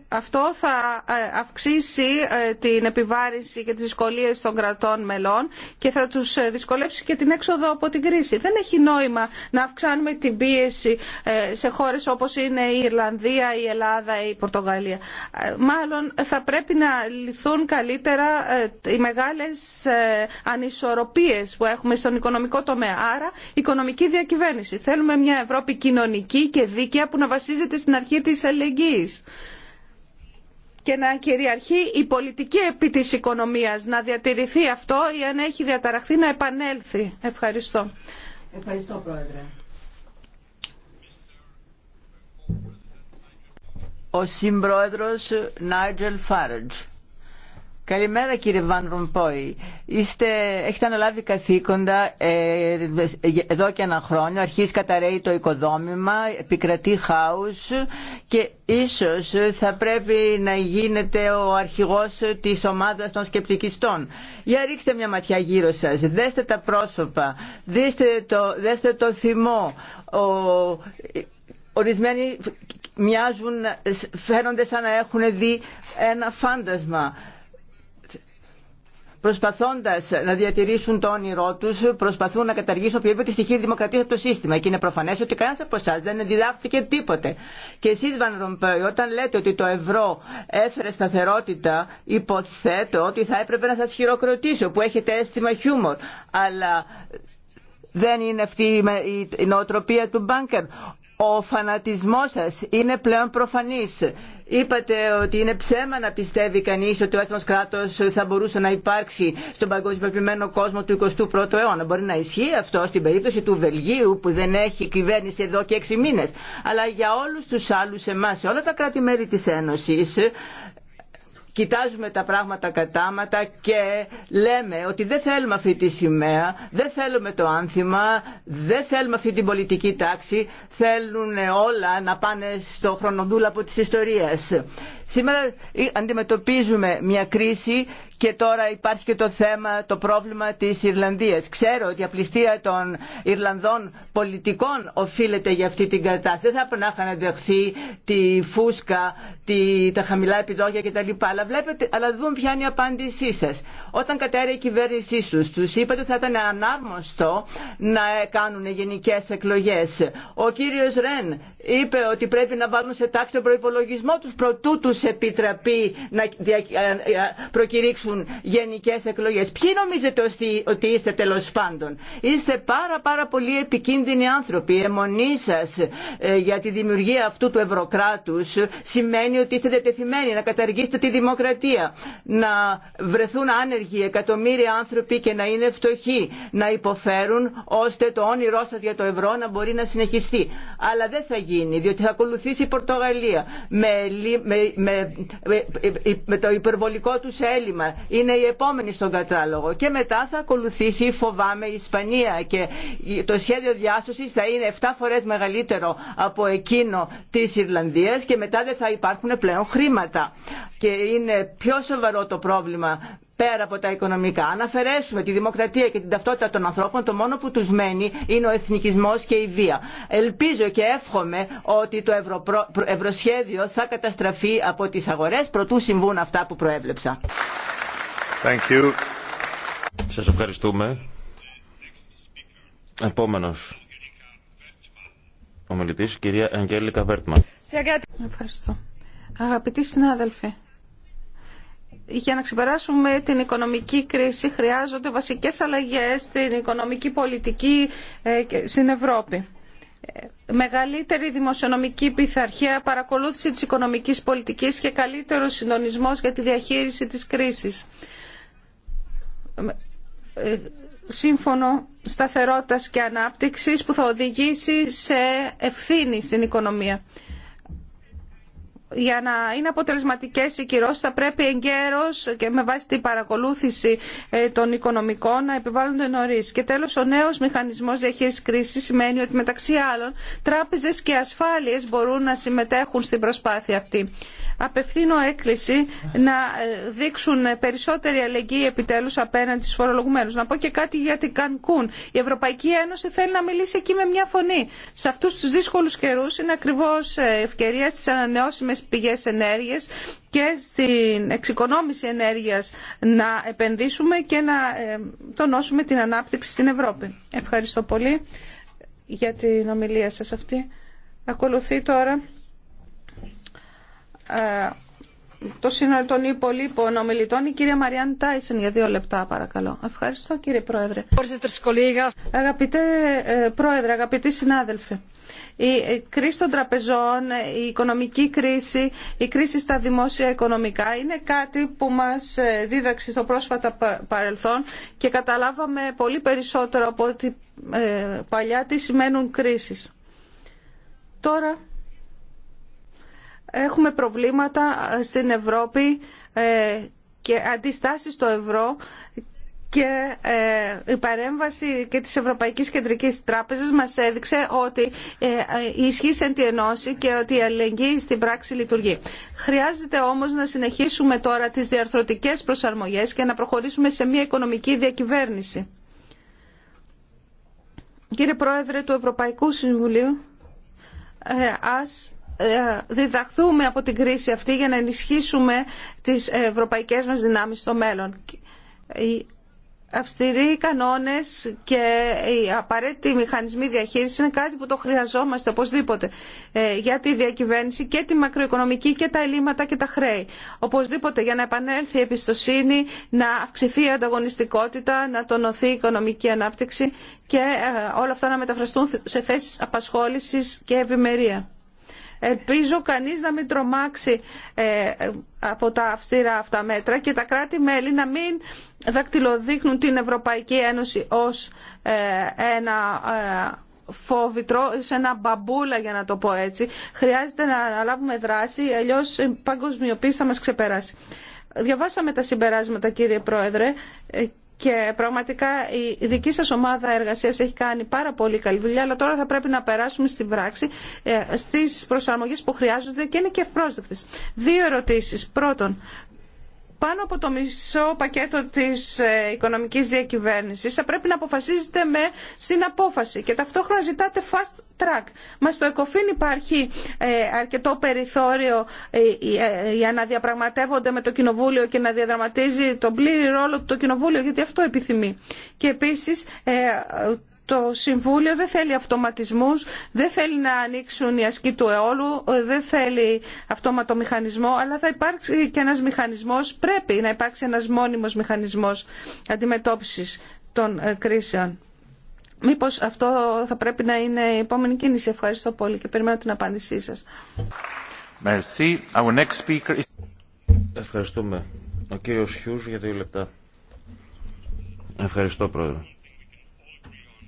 αυτό θα ε, αυξήσει ε, την επιβάρηση και τις δυσκολίες των κρατών μελών και θα τους δυσκολεύσει και την έξοδο από την κρίση. Δεν έχει νόημα να αυξάνουμε την πίεση σε χώρες όπως είναι η Ιρλανδία, η Ελλάδα ή η Πορτογαλία. Μάλλον θα πρέπει να λυθούν καλύτερα οι μεγάλες ανισορροπίες που έχουμε στον οικονομικό τομέα. Άρα οικονομική διακυβέρνηση. Θέλουμε μια Ευρώπη κοινωνική και δίκαια που να βασίζεται στην αρχή της αλληλεγγύης και να κυριαρχεί η πολιτική επί της οικονομίας, να διατηρηθεί αυτό ή αν έχει διαταραχθεί να επανέλθει. Ευχαριστώ. Ευχαριστώ Πρόεδρε. Ο Συμπρόεδρος Νάιτζελ Φάρετζ. Καλημέρα κύριε Βαν Ρομπόη. Είστε, έχετε αναλάβει καθήκοντα ε, εδώ και ένα χρόνο. Αρχίζει καταραίει το οικοδόμημα, επικρατεί χάους και ίσως θα πρέπει να γίνετε ο αρχηγός της ομάδας των σκεπτικιστών. Για ρίξτε μια ματιά γύρω σας, δέστε τα πρόσωπα, δέστε το, δέστε το θυμό. Ο, ορισμένοι μοιάζουν, φαίνονται σαν να έχουν δει ένα φάντασμα Προσπαθώντα να διατηρήσουν το όνειρό τους, προσπαθούν να καταργήσουν οποιαδήποτε στοιχεία δημοκρατία από το σύστημα. Και είναι προφανές ότι κανένα από εσά δεν διδάχθηκε τίποτε. Και εσείς, Βαν Ρομπέι, όταν λέτε ότι το ευρώ έφερε σταθερότητα, υποθέτω ότι θα έπρεπε να σας χειροκροτήσω, που έχετε αίσθημα χιούμορ. Αλλά δεν είναι αυτή η νοοτροπία του μπάνκερ ο φανατισμός σας είναι πλέον προφανής. Είπατε ότι είναι ψέμα να πιστεύει κανείς ότι ο έθνος κράτος θα μπορούσε να υπάρξει στον παγκοσμιοποιημένο κόσμο του 21ου αιώνα. Μπορεί να ισχύει αυτό στην περίπτωση του Βελγίου που δεν έχει κυβέρνηση εδώ και έξι μήνες. Αλλά για όλους τους άλλους εμάς, σε όλα τα κρατη μελη της Ένωσης, κοιτάζουμε τα πράγματα κατάματα και λέμε ότι δεν θέλουμε αυτή τη σημαία, δεν θέλουμε το άνθημα, δεν θέλουμε αυτή την πολιτική τάξη, θέλουν όλα να πάνε στο χρονοδούλαπο της ιστορίας. Σήμερα ε, αντιμετωπίζουμε μια κρίση και τώρα υπάρχει και το θέμα, το πρόβλημα της Ιρλανδίας. Ξέρω ότι η απληστία των Ιρλανδών πολιτικών οφείλεται για αυτή την κατάσταση. Δεν θα έπρεπε να δεχθεί τη φούσκα, τη, τα χαμηλά επιδόγια κτλ. Αλλά, βλέπετε, αλλά δούμε ποια είναι η απάντησή σας. Όταν κατέρε η κυβέρνησή του τους είπατε ότι θα ήταν ανάρμοστο να κάνουν γενικές εκλογές. Ο κύριος Ρεν είπε ότι πρέπει να βάλουν σε τάξη τον προϋπολογισμό τους προτού τους επιτραπεί να ε, ε, προκηρύξουν υπάρξουν γενικές εκλογές. Ποιοι νομίζετε ότι είστε τέλος πάντων. Είστε πάρα πάρα πολύ επικίνδυνοι άνθρωποι. Η αιμονή σας ε, για τη δημιουργία αυτού του ευρωκράτους σημαίνει ότι είστε διατεθειμένοι να καταργήσετε τη δημοκρατία, να βρεθούν άνεργοι εκατομμύρια άνθρωποι και να είναι φτωχοί, να υποφέρουν ώστε το όνειρό σας για το ευρώ να μπορεί να συνεχιστεί. Αλλά δεν θα γίνει, διότι θα ακολουθήσει η Πορτογαλία με, με, με, με το υπερβολικό του έλλειμμα, είναι η επόμενη στον κατάλογο και μετά θα ακολουθήσει φοβάμαι η Ισπανία και το σχέδιο διάσωσης θα είναι 7 φορές μεγαλύτερο από εκείνο της Ιρλανδίας και μετά δεν θα υπάρχουν πλέον χρήματα και είναι πιο σοβαρό το πρόβλημα πέρα από τα οικονομικά. Αν αφαιρέσουμε τη δημοκρατία και την ταυτότητα των ανθρώπων, το μόνο που τους μένει είναι ο εθνικισμός και η βία. Ελπίζω και εύχομαι ότι το ευρωσχέδιο θα καταστραφεί από τις αγορές προτού συμβούν αυτά που προέβλεψα. Thank you. Σας ευχαριστούμε. Επόμενος κυρία Αγγέλικα Βέρτμαν. Ευχαριστώ. Αγαπητοί συνάδελφοι, για να ξεπεράσουμε την οικονομική κρίση χρειάζονται βασικές αλλαγές στην οικονομική πολιτική ε, στην Ευρώπη. Ε, μεγαλύτερη δημοσιονομική πειθαρχία, παρακολούθηση της οικονομικής πολιτικής και καλύτερος συντονισμός για τη διαχείριση της κρίσης. Ε, σύμφωνο σταθερότητας και ανάπτυξης που θα οδηγήσει σε ευθύνη στην οικονομία για να είναι αποτελεσματικές οι κυρώσεις θα πρέπει εγκαίρως και με βάση την παρακολούθηση ε, των οικονομικών να επιβάλλονται νωρί. Και τέλος ο νέος μηχανισμός διαχείρισης κρίσης σημαίνει ότι μεταξύ άλλων τράπεζες και ασφάλειες μπορούν να συμμετέχουν στην προσπάθεια αυτή απευθύνω έκκληση να ε, δείξουν περισσότερη αλληλεγγύη επιτέλους απέναντι στους φορολογουμένους. Να πω και κάτι για την Κανκούν. Η Ευρωπαϊκή Ένωση θέλει να μιλήσει εκεί με μια φωνή. Σε αυτούς τους δύσκολους καιρού είναι ακριβώ ε, ευκαιρία στι ανανεώσιμε πηγές ενέργειας και στην εξοικονόμηση ενέργειας να επενδύσουμε και να ε, τονώσουμε την ανάπτυξη στην Ευρώπη. Ευχαριστώ πολύ για την ομιλία σας αυτή. Ακολουθεί τώρα ε, το σύνολο των υπολείπων ομιλητών, η κυρία Μαριάν Τάισεν για δύο λεπτά παρακαλώ. Ευχαριστώ κύριε Πρόεδρε. Αγαπητέ ε, Πρόεδρε, αγαπητοί συνάδελφοι. Η κρίση των τραπεζών, η οικονομική κρίση, η κρίση στα δημόσια οικονομικά είναι κάτι που μας ε, δίδαξε στο πρόσφατα παρελθόν και καταλάβαμε πολύ περισσότερο από ότι παλιά τι σημαίνουν κρίσεις. Τώρα έχουμε προβλήματα ε, στην Ευρώπη ε, και αντιστάσεις στο ευρώ και ε, η παρέμβαση και της Ευρωπαϊκής Κεντρικής Τράπεζας μας έδειξε ότι η ισχύ και ότι η αλληλεγγύη στην πράξη λειτουργεί. Χρειάζεται όμως να συνεχίσουμε τώρα τις διαρθρωτικές προσαρμογές και να προχωρήσουμε σε μια οικονομική διακυβέρνηση. Κύριε Πρόεδρε του Ευρωπαϊκού Συμβουλίου, ας ε, διδαχθούμε από την κρίση αυτή για να ενισχύσουμε τις ευρωπαϊκές μας δυνάμεις στο μέλλον. Οι αυστηροί κανόνες και οι απαραίτητοι μηχανισμοί διαχείρισης είναι κάτι που το χρειαζόμαστε οπωσδήποτε ε, για τη διακυβέρνηση και τη μακροοικονομική και τα ελλείμματα και τα χρέη. Οπωσδήποτε για να επανέλθει η εμπιστοσύνη, να αυξηθεί η ανταγωνιστικότητα, να τονωθεί η οικονομική ανάπτυξη και ε, όλα αυτά να μεταφραστούν σε θέσεις απασχόλησης και ευημερία. Ελπίζω κανείς να μην τρομάξει ε, από τα αυστηρά αυτά μέτρα και τα κράτη-μέλη να μην δακτυλοδείχνουν την Ευρωπαϊκή Ένωση ως ε, ένα ε, φόβητρο, σε ένα μπαμπούλα για να το πω έτσι. Χρειάζεται να λάβουμε δράση, αλλιώς η παγκοσμιοποίηση θα μας ξεπεράσει. Διαβάσαμε τα συμπεράσματα κύριε Πρόεδρε και πραγματικά η δική σας ομάδα εργασίας έχει κάνει πάρα πολύ καλή δουλειά, αλλά τώρα θα πρέπει να περάσουμε στην πράξη ε, στις προσαρμογές που χρειάζονται και είναι και ευπρόσδεκτες. Δύο ερωτήσεις. Πρώτον, πάνω από το μισό πακέτο της ε, οικονομικής διακυβέρνησης θα πρέπει να αποφασίζετε με συναπόφαση και ταυτόχρονα ζητάτε fast track. Μα στο ΕΚΟΦΗΝ υπάρχει ε, αρκετό περιθώριο ε, για να διαπραγματεύονται με το Κοινοβούλιο και να διαδραματίζει τον πλήρη ρόλο του το Κοινοβούλιο γιατί αυτό επιθυμεί. Και επίσης το Συμβούλιο δεν θέλει αυτοματισμούς, δεν θέλει να ανοίξουν οι ασκοί του αιώλου, δεν θέλει αυτόματο μηχανισμό, αλλά θα υπάρξει και ένας μηχανισμός, πρέπει να υπάρξει ένας μόνιμος μηχανισμός αντιμετώπισης των ε, κρίσεων. Μήπως αυτό θα πρέπει να είναι η επόμενη κίνηση. Ευχαριστώ πολύ και περιμένω την απάντησή σας. Merci. Our next speaker is... Ευχαριστούμε. Ο κύριος Χιούς για δύο λεπτά. Ευχαριστώ, Πρόεδρε.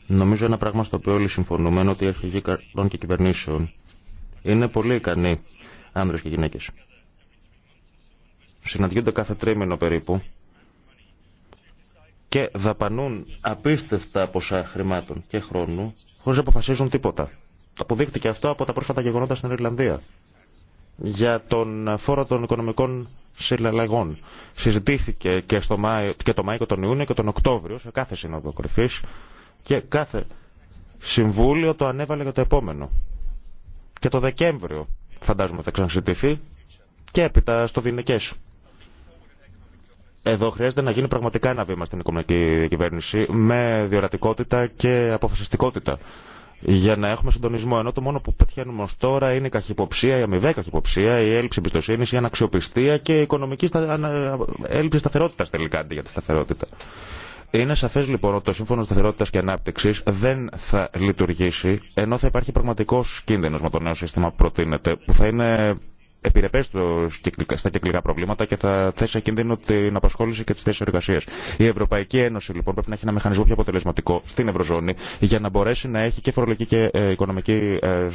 Νομίζω ένα πράγμα στο οποίο όλοι συμφωνούμε είναι ότι οι αρχηγοί κρατών και κυβερνήσεων είναι πολύ ικανοί άνδρες και γυναίκες. Συναντιούνται κάθε τρίμηνο περίπου και δαπανούν απίστευτα ποσά χρημάτων και χρόνου χωρίς να αποφασίζουν τίποτα. Αποδείχτηκε αυτό από τα πρόσφατα γεγονότα στην Ιρλανδία για τον φόρο των οικονομικών συλλαγών. Συζητήθηκε και, στο Μάιο, και το Μάιο, τον Ιούνιο και τον Οκτώβριο σε κάθε σύνοδο και κάθε συμβούλιο το ανέβαλε για το επόμενο. Και το Δεκέμβριο φαντάζομαι θα ξανασυντηθεί και έπειτα στο Δινικές. Εδώ χρειάζεται να γίνει πραγματικά ένα βήμα στην οικονομική κυβέρνηση με διορατικότητα και αποφασιστικότητα για να έχουμε συντονισμό. Ενώ το μόνο που πετυχαίνουμε ω τώρα είναι η καχυποψία, η αμοιβαία καχυποψία, η έλλειψη εμπιστοσύνη, η αναξιοπιστία και η οικονομική στα... έλλειψη σταθερότητα τελικά αντί για τη σταθερότητα. Είναι σαφέ λοιπόν ότι το Σύμφωνο Σταθερότητα και Ανάπτυξη δεν θα λειτουργήσει, ενώ θα υπάρχει πραγματικό κίνδυνο με το νέο σύστημα που προτείνεται, που θα είναι επιρρεπέ στα κυκλικά προβλήματα και θα θέσει σε κίνδυνο την απασχόληση και τι θέσει εργασία. Η Ευρωπαϊκή Ένωση λοιπόν πρέπει να έχει ένα μηχανισμό πιο αποτελεσματικό στην Ευρωζώνη για να μπορέσει να έχει και φορολογική και ε, οικονομική ε,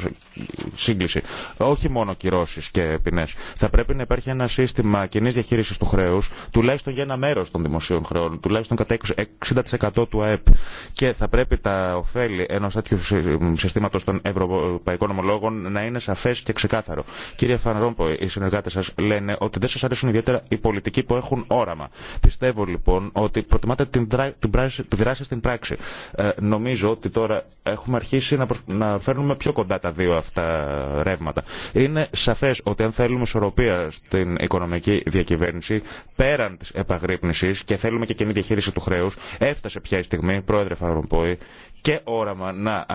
σύγκληση. Όχι μόνο κυρώσει και ποινέ. Θα πρέπει να υπάρχει ένα σύστημα κοινή διαχείριση του χρέου, τουλάχιστον για ένα μέρο των δημοσίων χρεών, τουλάχιστον κατά 60% του ΑΕΠ. Και θα πρέπει τα ωφέλη ενό τέτοιου συστήματο των ευρωπαϊκών ομολόγων να είναι σαφέ και ξεκάθαρο. Κύριε που οι συνεργάτε σα λένε ότι δεν σα αρέσουν ιδιαίτερα οι πολιτικοί που έχουν όραμα. Πιστεύω λοιπόν ότι προτιμάτε την, την τη δράση στην πράξη. Ε, νομίζω ότι τώρα έχουμε αρχίσει να, να φέρνουμε πιο κοντά τα δύο αυτά ρεύματα. Είναι σαφέ ότι αν θέλουμε ισορροπία στην οικονομική διακυβέρνηση, πέραν τη επαγρύπνηση και θέλουμε και κοινή διαχείριση του χρέου, έφτασε πια η στιγμή, πρόεδρε Φαρομπόη, και όραμα να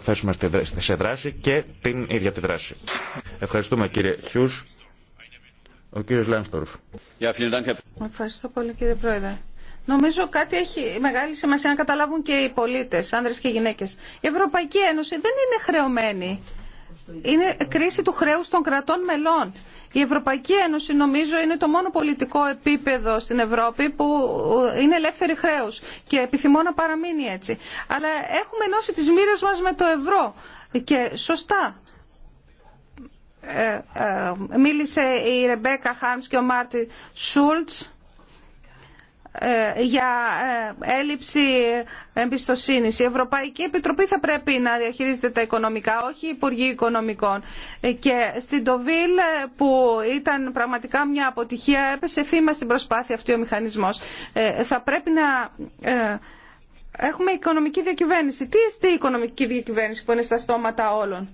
θέσουμε σε δράση και την ίδια τη δράση. Ευχαριστούμε κύριε Χιούς. Ο κύριος Λάνστορφ. Ευχαριστώ πολύ κύριε Πρόεδρε. Νομίζω κάτι έχει μεγάλη σημασία να καταλάβουν και οι πολίτες, άνδρες και γυναίκες. Η Ευρωπαϊκή Ένωση δεν είναι χρεωμένη είναι κρίση του χρέους των κρατών μελών. Η Ευρωπαϊκή Ένωση νομίζω είναι το μόνο πολιτικό επίπεδο στην Ευρώπη που ε, είναι ελεύθερη χρέους και επιθυμώ να παραμείνει έτσι. Αλλά έχουμε ενώσει τις μοίρες μας με το ευρώ και σωστά ε, ε, μίλησε η Ρεμπέκα Χάρμς και ο Μάρτι Σούλτς ε, για ε, έλλειψη εμπιστοσύνης. Η Ευρωπαϊκή Επιτροπή θα πρέπει να διαχειρίζεται τα οικονομικά, όχι οι Υπουργοί Οικονομικών. Ε, και στην Τοβίλ που ήταν πραγματικά μια αποτυχία έπεσε θύμα στην προσπάθεια αυτή ο μηχανισμός. Θα πρέπει να έχουμε οικονομική διακυβέρνηση. Τι είστε η οικονομική διακυβέρνηση που είναι στα στόματα όλων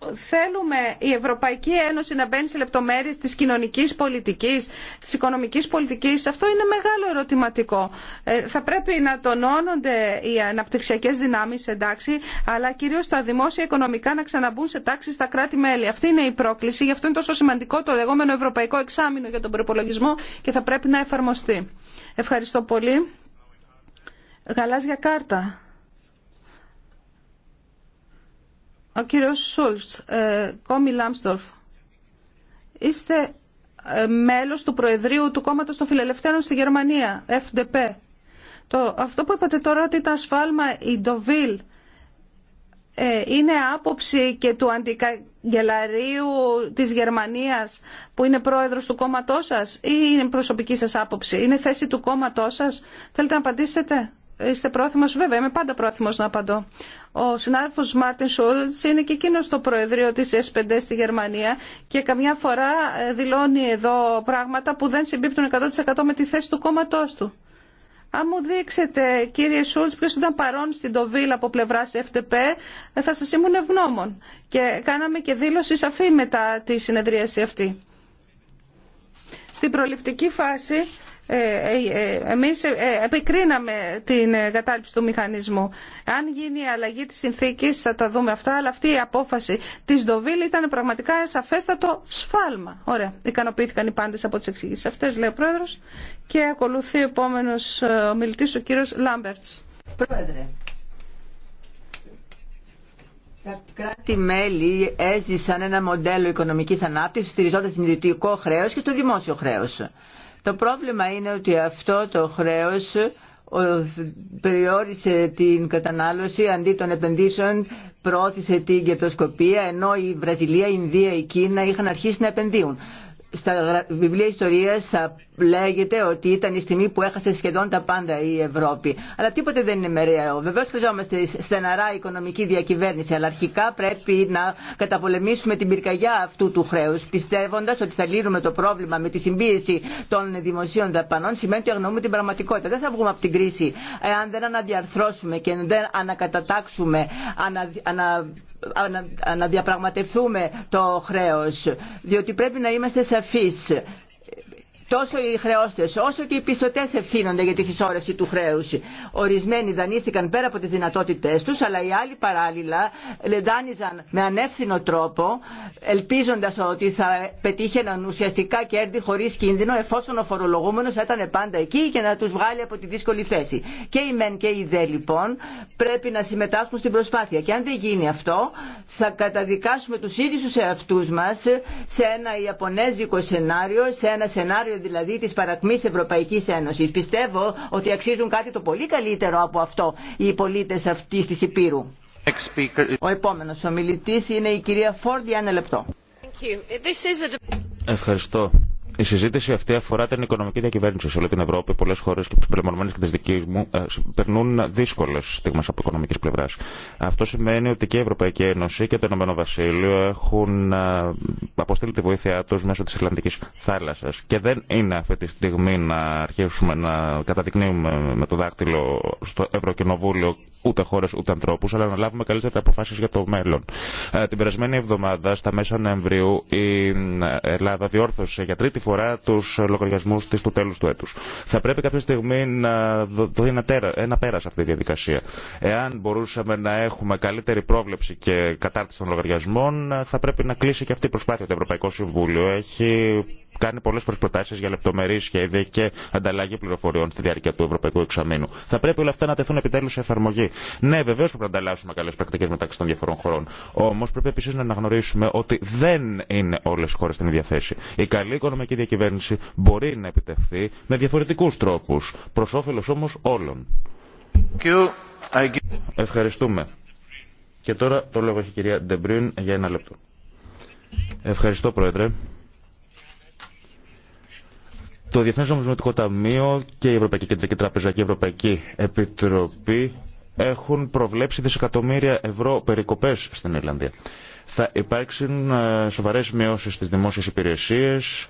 θέλουμε η Ευρωπαϊκή Ένωση να μπαίνει σε λεπτομέρειες της κοινωνικής πολιτικής, της οικονομικής πολιτικής, αυτό είναι μεγάλο ερωτηματικό. Ε, θα πρέπει να τονώνονται οι αναπτυξιακές δυνάμεις, εντάξει, αλλά κυρίως τα δημόσια οικονομικά να ξαναμπούν σε τάξη στα κράτη-μέλη. Αυτή είναι η πρόκληση, γι' αυτό είναι τόσο σημαντικό το λεγόμενο Ευρωπαϊκό Εξάμεινο για τον προπολογισμό και θα πρέπει να εφαρμοστεί. Ευχαριστώ πολύ. Γαλάζια κάρτα. Ο κύριος Σούλτς, ε, Κόμι Λάμστορφ, είστε ε, μέλος του Προεδρείου του Κόμματος των Φιλελευθέρων στη Γερμανία, FDP. Το, αυτό που είπατε τώρα ότι τα ασφάλμα η Ντοβίλ ε, είναι άποψη και του αντικαγγελαρίου της Γερμανίας που είναι πρόεδρος του κόμματός σας ή είναι προσωπική σας άποψη. Είναι θέση του κόμματός σας. Θέλετε να απαντήσετε. Είστε πρόθυμος, βέβαια, είμαι πάντα πρόθυμος να απαντώ. Ο συνάδελφος Μάρτιν Σούλτς είναι και εκείνο στο Προεδρείο της S5 στη Γερμανία και καμιά φορά ε, δηλώνει εδώ πράγματα που δεν συμπίπτουν 100% με τη θέση του κόμματός του. Αν μου δείξετε, κύριε Σούλτς, ποιος ήταν παρόν στην Τοβίλ από πλευράς FTP, ε, θα σας ήμουν ευγνώμων. Και κάναμε και δήλωση σαφή μετά τη συνεδρίαση αυτή. Στην προληπτική φάση ε, ε, ε, εμείς επικρίναμε την κατάληψη του μηχανισμού. Αν γίνει η αλλαγή της συνθήκης θα τα δούμε αυτά, αλλά αυτή η απόφαση της Ντοβίλ ήταν πραγματικά σαφέστατο σφάλμα. Ωραία, ικανοποιήθηκαν οι πάντες από τις εξηγήσεις αυτές, λέει ο Πρόεδρος. Και ακολουθεί ο επόμενος μιλητής ο κύριος Λάμπερτς. Πρόεδρε. Τα κράτη-μέλη έζησαν ένα μοντέλο οικονομικής ανάπτυξης στηριζόντας την ιδιωτικό χρέος και το δημόσιο χρέος. Το πρόβλημα είναι ότι αυτό το χρέος περιόρισε την κατανάλωση αντί των επενδύσεων, προώθησε την κερδοσκοπία, ενώ η Βραζιλία, η Ινδία, η Κίνα είχαν αρχίσει να επενδύουν στα βιβλία ιστορία θα λέγεται ότι ήταν η στιγμή που έχασε σχεδόν τα πάντα η Ευρώπη. Αλλά τίποτε δεν είναι μεραίο. Βεβαίω χρειαζόμαστε στεναρά οικονομική διακυβέρνηση, αλλά αρχικά πρέπει να καταπολεμήσουμε την πυρκαγιά αυτού του χρέου, πιστεύοντα ότι θα λύνουμε το πρόβλημα με τη συμπίεση των δημοσίων δαπανών, σημαίνει ότι αγνοούμε την πραγματικότητα. Δεν θα βγούμε από την κρίση εάν δεν αναδιαρθρώσουμε και δεν ανακατατάξουμε, ανα, ανα, αναδιαπραγματευτούμε το χρέος. Διότι πρέπει να είμαστε σε σαφής Τόσο οι χρεώστε όσο και οι πιστωτέ ευθύνονται για τη συσσόρευση του χρέου. Ορισμένοι δανείστηκαν πέρα από τι δυνατότητέ του, αλλά οι άλλοι παράλληλα δάνειζαν με ανεύθυνο τρόπο, ελπίζοντα ότι θα πετύχαιναν ουσιαστικά κέρδη χωρί κίνδυνο, εφόσον ο φορολογούμενο ήταν πάντα εκεί και να του βγάλει από τη δύσκολη θέση. Και οι μεν και οι δε λοιπόν πρέπει να συμμετάσχουν στην προσπάθεια. Και αν δεν γίνει αυτό, θα καταδικάσουμε του ίδιου εαυτού μα σε ένα Ιαπωνέζικο σενάριο, σε ένα σενάριο δηλαδή τη παρακμή Ευρωπαϊκή Ένωση, Πιστεύω ότι αξίζουν κάτι το πολύ καλύτερο από αυτό οι πολίτε αυτή τη Υπήρου. Ο επόμενος ομιλητή είναι η κυρία Φόρντ για ένα λεπτό. Ευχαριστώ. Η συζήτηση αυτή αφορά την οικονομική διακυβέρνηση σε όλη την Ευρώπη. Πολλέ χώρε, και συμπεριλαμβανομένε και τι δική μου, ε, περνούν δύσκολε στιγμέ από οικονομική πλευρά. Αυτό σημαίνει ότι και η Ευρωπαϊκή Ένωση και το Ηνωμένο Βασίλειο έχουν ε, αποστείλει τη βοήθειά του μέσω τη Ιρλανδική θάλασσα. Και δεν είναι αυτή τη στιγμή να αρχίσουμε να καταδεικνύουμε με το δάκτυλο στο Ευρωκοινοβούλιο ούτε χώρε ούτε ανθρώπου, αλλά να λάβουμε καλύτερα αποφάσει για το μέλλον. Ε, την περασμένη εβδομάδα, στα μέσα Νοεμβρίου, η Ελλάδα διόρθωσε για τρίτη αφορά του λογαριασμού τη του τέλου του έτου. Θα πρέπει κάποια στιγμή να δοθεί ένα, ένα πέρα σε αυτή τη διαδικασία. Εάν μπορούσαμε να έχουμε καλύτερη πρόβλεψη και κατάρτιση των λογαριασμών, θα πρέπει να κλείσει και αυτή η προσπάθεια. Το Ευρωπαϊκό Συμβούλιο έχει κάνει πολλέ προτάσει για λεπτομερή σχέδια και ανταλλαγή πληροφοριών στη διάρκεια του Ευρωπαϊκού Εξαμήνου. Θα πρέπει όλα αυτά να τεθούν επιτέλου σε εφαρμογή. Ναι, βεβαίω πρέπει να ανταλλάσσουμε καλέ πρακτικέ μεταξύ των διαφορών χωρών. Όμω πρέπει επίση να αναγνωρίσουμε ότι δεν είναι όλε οι χώρε στην ίδια θέση. Η καλή οικονομική διακυβέρνηση μπορεί να επιτευχθεί με διαφορετικού τρόπου, προ όφελο όμω όλων. Ευχαριστούμε. Και τώρα το λόγο έχει η κυρία Ντεμπρίν για ένα λεπτό. Ευχαριστώ, Πρόεδρε. Το Διεθνές Νομισματικό Ταμείο και η Ευρωπαϊκή Κεντρική Τράπεζα και η Ευρωπαϊκή Επιτροπή έχουν προβλέψει δισεκατομμύρια ευρώ περικοπές στην Ιρλανδία. Θα υπάρξουν ε, σοβαρές μειώσεις στις δημόσιες υπηρεσίες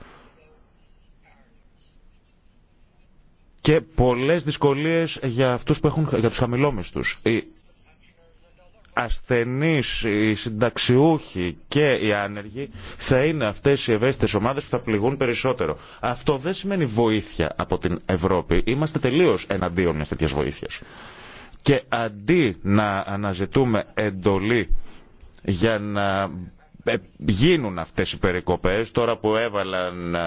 και πολλές δυσκολίες για, αυτούς που έχουν, για τους χαμηλόμιστους. Η ασθενείς, οι συνταξιούχοι και οι άνεργοι θα είναι αυτές οι ευαίσθητες ομάδες που θα πληγούν περισσότερο. Αυτό δεν σημαίνει βοήθεια από την Ευρώπη. Είμαστε τελείως εναντίον μιας τέτοιας βοήθειας. Και αντί να αναζητούμε εντολή για να ε, γίνουν αυτές οι περικοπές τώρα που έβαλαν ε,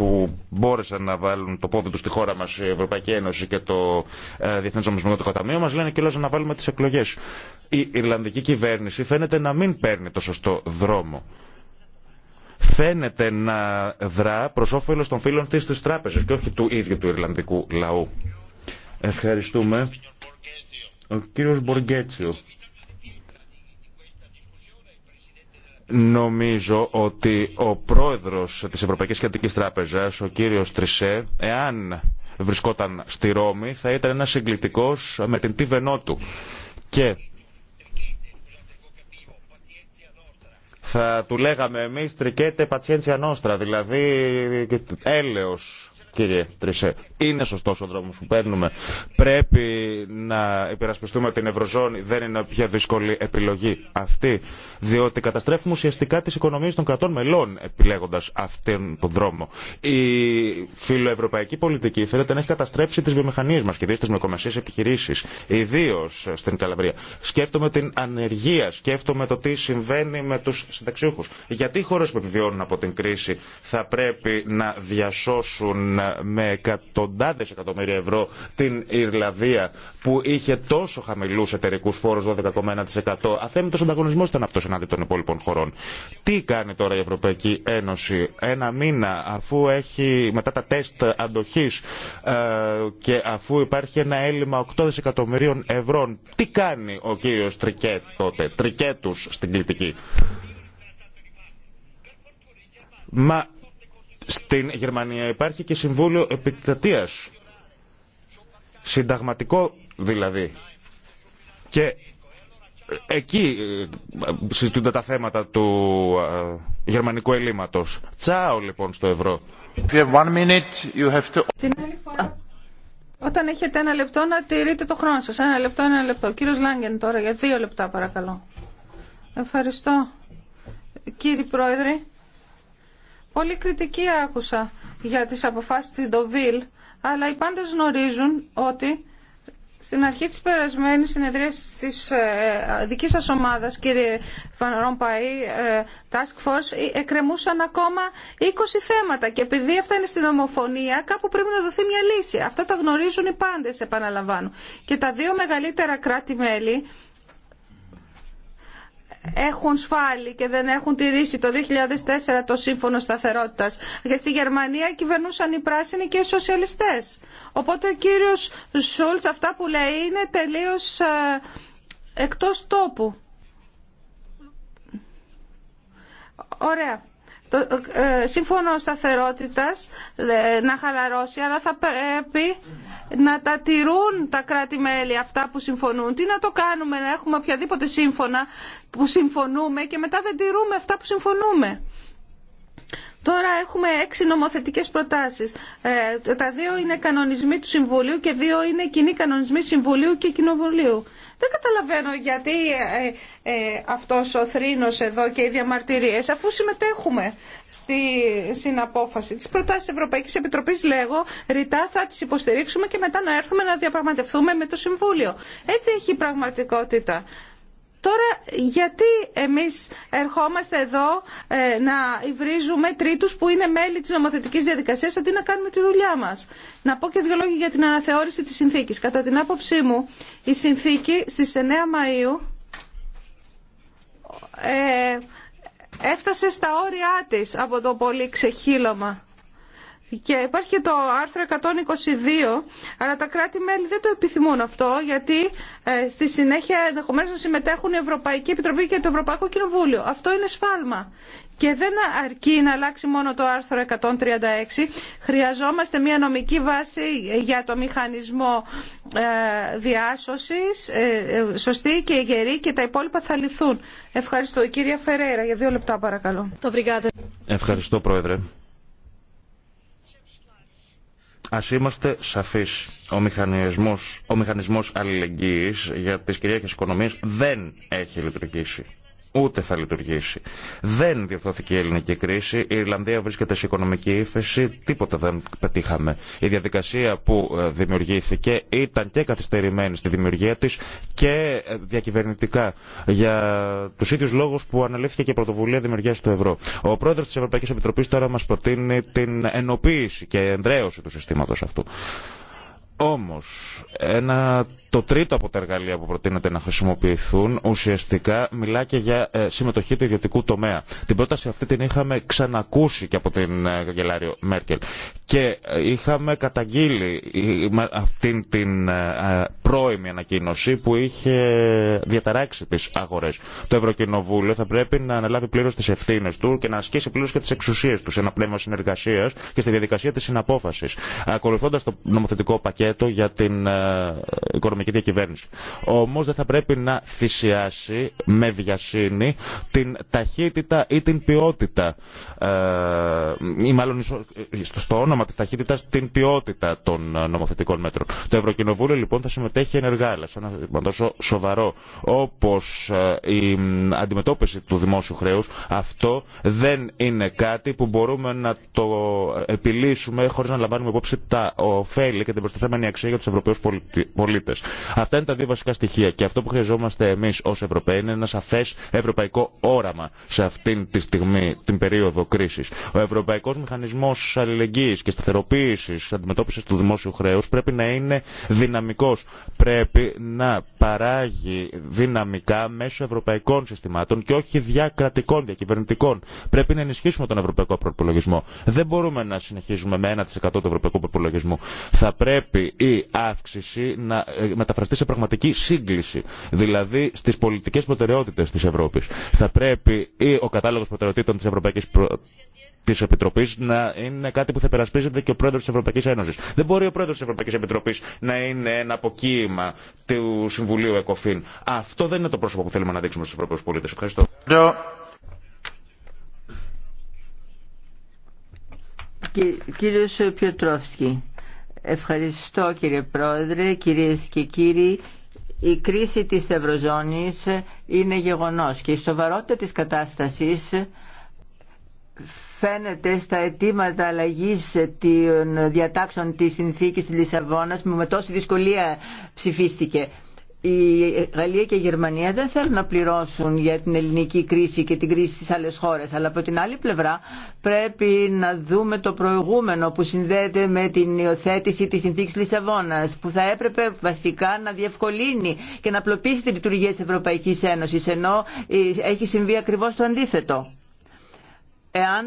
που μπόρεσαν να βάλουν το πόδι του στη χώρα μα η Ευρωπαϊκή Ένωση και το ε, Διεθνέ Νομισματικό Ταμείο, μα λένε κιόλα να βάλουμε τι εκλογέ. Η Ιρλανδική κυβέρνηση φαίνεται να μην παίρνει το σωστό δρόμο. Φαίνεται να δρά προ όφελο των φίλων τη τη τράπεζα και όχι του ίδιου του Ιρλανδικού λαού. Ευχαριστούμε. Ο κύριος Μποργκέτσιο. Νομίζω ότι ο πρόεδρος της Ευρωπαϊκής Κεντρικής Τράπεζας, ο κύριος Τρισέ, εάν βρισκόταν στη Ρώμη, θα ήταν ένας συγκλητικός με την τίβενό του. Και θα του λέγαμε εμείς τρικέτε πατσιέντσια νόστρα, δηλαδή έλεος κύριε Τρισέ. Είναι σωστό ο δρόμο που παίρνουμε. Πρέπει να υπερασπιστούμε την Ευρωζώνη. Δεν είναι πια δύσκολη επιλογή αυτή. Διότι καταστρέφουμε ουσιαστικά τι οικονομίε των κρατών μελών επιλέγοντα αυτόν τον δρόμο. Η φιλοευρωπαϊκή πολιτική φαίνεται να έχει καταστρέψει τι βιομηχανίε μα και ιδίω τι μικρομεσαίε επιχειρήσει. Ιδίω στην Καλαβρία. Σκέφτομαι την ανεργία. Σκέφτομαι το τι συμβαίνει με του συνταξιούχου. Γιατί οι χώρε που επιβιώνουν από την κρίση θα πρέπει να διασώσουν με εκατοντάδε εκατοντάδε εκατομμύρια ευρώ την Ιρλανδία που είχε τόσο χαμηλού εταιρικού φόρου 12,1%. Αθέμητο ανταγωνισμό ήταν αυτό εναντί των υπόλοιπων χωρών. Τι κάνει τώρα η Ευρωπαϊκή Ένωση ένα μήνα αφού έχει μετά τα τεστ αντοχή ε, και αφού υπάρχει ένα έλλειμμα 8 δισεκατομμυρίων ευρώ. Τι κάνει ο κύριο Τρικέτ τότε, Τρικέτου στην κλητική. Μα στην Γερμανία υπάρχει και Συμβούλιο Επικρατείας. Συνταγματικό δηλαδή. Και εκεί ε, συζητούνται τα θέματα του ε, γερμανικού ελλείμματος. Τσάω λοιπόν στο ευρώ. όταν έχετε ένα λεπτό να τηρείτε το χρόνο σας. Ένα λεπτό, ένα λεπτό. Κύριος Λάγκεν τώρα για δύο λεπτά παρακαλώ. Ευχαριστώ. Κύριε Πρόεδρε, Πολύ κριτική άκουσα για τις αποφάσεις της Ντοβίλ, αλλά οι πάντες γνωρίζουν ότι στην αρχή της περασμένης συνεδρίας της ε, δικής σας ομάδας, κύριε Φαν ε, Task Force, ε, εκκρεμούσαν ακόμα 20 θέματα και επειδή αυτά είναι στην ομοφωνία, κάπου πρέπει να δοθεί μια λύση. Αυτά τα γνωρίζουν οι πάντες, επαναλαμβάνω. Και τα δύο μεγαλύτερα κράτη-μέλη έχουν σφάλει και δεν έχουν τηρήσει το 2004 το Σύμφωνο Σταθερότητας. Και στη Γερμανία κυβερνούσαν οι πράσινοι και οι σοσιαλιστές. Οπότε ο κύριος Σούλτς αυτά που λέει είναι τελείως ε, εκτός τόπου. Ωραία το ε, ε, σύμφωνο σταθερότητας να χαλαρώσει, αλλά θα πρέπει να τα τηρούν τα κράτη-μέλη αυτά που συμφωνούν. Τι να το κάνουμε, να έχουμε οποιαδήποτε σύμφωνα που συμφωνούμε και μετά δεν τηρούμε αυτά που συμφωνούμε. Τώρα έχουμε έξι νομοθετικές προτάσεις. Ε, τα δύο είναι κανονισμοί του Συμβουλίου και δύο είναι κοινοί κανονισμοί Συμβουλίου και Κοινοβουλίου. Δεν καταλαβαίνω γιατί ε, ε, αυτός ο θρήνος εδώ και οι διαμαρτυρίες αφού συμμετέχουμε στη συναπόφαση. Τις προτάσεις της Ευρωπαϊκής Επιτροπής λέγω ρητά θα τις υποστηρίξουμε και μετά να έρθουμε να διαπραγματευτούμε με το Συμβούλιο. Έτσι έχει η πραγματικότητα. Τώρα γιατί εμείς ερχόμαστε εδώ ε, να υβρίζουμε τρίτους που είναι μέλη της νομοθετικής διαδικασίας αντί να κάνουμε τη δουλειά μας. Να πω και δύο λόγια για την αναθεώρηση της συνθήκης. Κατά την άποψή μου η συνθήκη στις 9 Μαΐου ε, έφτασε στα όρια της από το πολύ ξεχύλωμα. Και υπάρχει και το άρθρο 122, αλλά τα κράτη-μέλη δεν το επιθυμούν αυτό, γιατί ε, στη συνέχεια ενδεχομένω να συμμετέχουν η Ευρωπαϊκή Επιτροπή και το Ευρωπαϊκό Κοινοβούλιο. Αυτό είναι σφάλμα. Και δεν αρκεί να αλλάξει μόνο το άρθρο 136. Χρειαζόμαστε μια νομική βάση για το μηχανισμό ε, διάσωσης, ε, σωστή και γερή και τα υπόλοιπα θα λυθούν. Ευχαριστώ. Η κυρία Φερέρα, για δύο λεπτά παρακαλώ. Ευχαριστώ, Πρόεδρε. Ας είμαστε σαφείς. Ο μηχανισμός, ο μηχανισμός αλληλεγγύης για τις κυρίαρχες οικονομίες δεν έχει λειτουργήσει ούτε θα λειτουργήσει. Δεν διορθώθηκε η ελληνική κρίση. Η Ιρλανδία βρίσκεται σε οικονομική ύφεση. Τίποτα δεν πετύχαμε. Η διαδικασία που ε, δημιουργήθηκε ήταν και καθυστερημένη στη δημιουργία τη και ε, διακυβερνητικά για του ίδιου λόγου που αναλύθηκε και η πρωτοβουλία δημιουργία του ευρώ. Ο πρόεδρο τη Ευρωπαϊκή Επιτροπή τώρα μα προτείνει την ενοποίηση και ενδρέωση του συστήματο αυτού. Όμω, ένα το τρίτο από τα εργαλεία που προτείνεται να χρησιμοποιηθούν ουσιαστικά μιλά και για ε, συμμετοχή του ιδιωτικού τομέα. Την πρόταση αυτή την είχαμε ξανακούσει και από την ε, καγκελάριο Μέρκελ και ε, είχαμε καταγγείλει αυτή την πρώιμη ανακοίνωση που είχε διαταράξει τις άγορες. Το Ευρωκοινοβούλιο θα πρέπει να αναλάβει πλήρως τις ευθύνε του και να ασκήσει πλήρως και τι εξουσίε του σε ένα πνεύμα συνεργασία και στη διαδικασία της συναπόφαση. Ακολουθώντας το νομοθετικό πακέτο για την οικονομική και διακυβέρνηση. Όμω δεν θα πρέπει να θυσιάσει με βιασύνη την ταχύτητα ή την ποιότητα. Ε, ή μάλλον στο όνομα τη ταχύτητα την ποιότητα των ε, νομοθετικών μέτρων. Το Ευρωκοινοβούλιο λοιπόν θα συμμετέχει ενεργά, αλλά σε ένα τόσο σοβαρό όπω ε, η αντιμετώπιση του δημόσιου χρέου, αυτό δεν είναι κάτι που μπορούμε να το επιλύσουμε χωρί να λαμβάνουμε υπόψη τα ωφέλη και την προστιθέμενη αξία για του Ευρωπαίου πολίτε. Αυτά είναι τα δύο βασικά στοιχεία. Και αυτό που χρειαζόμαστε εμεί ω Ευρωπαίοι είναι ένα σαφέ ευρωπαϊκό όραμα σε αυτήν τη στιγμή, την περίοδο κρίση. Ο Ευρωπαϊκό Μηχανισμό Αλληλεγγύη και Σταθεροποίηση Αντιμετώπιση του Δημόσιου Χρέου πρέπει να είναι δυναμικό. Πρέπει να παράγει δυναμικά μέσω ευρωπαϊκών συστημάτων και όχι διακρατικών, διακυβερνητικών. Πρέπει να ενισχύσουμε τον ευρωπαϊκό προπολογισμό. Δεν μπορούμε να συνεχίζουμε με 1% του ευρωπαϊκού προπολογισμού. Θα πρέπει η αύξηση να ε, μεταφραστεί σε πραγματική σύγκληση, δηλαδή στι πολιτικέ προτεραιότητε τη Ευρώπη. Θα πρέπει ή ο κατάλογο προτεραιοτήτων τη Ευρωπαϊκή προ... Τη Επιτροπής να είναι κάτι που θα περασπίζεται και ο πρόεδρο τη Ευρωπαϊκή Ένωση. Δεν μπορεί ο πρόεδρο τη Ευρωπαϊκή Επιτροπή να είναι ένα αποκύημα του Συμβουλίου ΕΚΟΦΗΝ. Αυτό δεν είναι το πρόσωπο που θέλουμε να δείξουμε στου Ευρωπαίου πολίτε. Ευχαριστώ. Ευχαριστώ κύριε Πρόεδρε, κυρίες και κύριοι. Η κρίση της Ευρωζώνης είναι γεγονός και η σοβαρότητα της κατάστασης φαίνεται στα αιτήματα αλλαγή των διατάξεων της συνθήκης της Λισαβόνας που με τόση δυσκολία ψηφίστηκε η Γαλλία και η Γερμανία δεν θέλουν να πληρώσουν για την ελληνική κρίση και την κρίση στις άλλες χώρες. Αλλά από την άλλη πλευρά πρέπει να δούμε το προηγούμενο που συνδέεται με την υιοθέτηση της συνθήκης Λισαβόνας που θα έπρεπε βασικά να διευκολύνει και να απλοποιήσει τη λειτουργία της Ευρωπαϊκής Ένωσης ενώ έχει συμβεί ακριβώς το αντίθετο. Εάν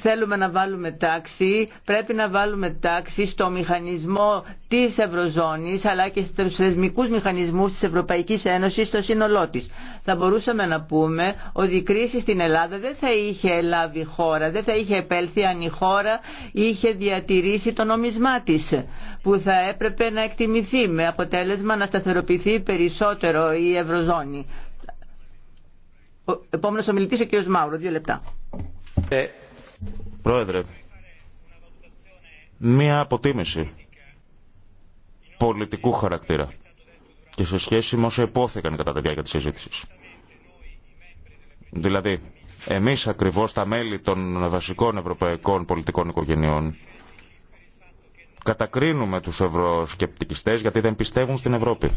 θέλουμε να βάλουμε τάξη, πρέπει να βάλουμε τάξη στο μηχανισμό της Ευρωζώνης αλλά και στους θεσμικούς μηχανισμούς της Ευρωπαϊκής Ένωσης στο σύνολό τη. Θα μπορούσαμε να πούμε ότι η κρίση στην Ελλάδα δεν θα είχε λάβει χώρα, δεν θα είχε επέλθει αν η χώρα είχε διατηρήσει το νομισμά της που θα έπρεπε να εκτιμηθεί με αποτέλεσμα να σταθεροποιηθεί περισσότερο η Ευρωζώνη. Ο επόμενος ο κ. Μάουρο, δύο λεπτά. Ε, Πρόεδρε, μία αποτίμηση πολιτικού χαρακτήρα και σε σχέση με όσα υπόθηκαν κατά τη διάρκεια της συζήτηση. Δηλαδή, εμείς ακριβώς τα μέλη των βασικών ευρωπαϊκών πολιτικών οικογενειών κατακρίνουμε τους ευρωσκεπτικιστές γιατί δεν πιστεύουν στην Ευρώπη.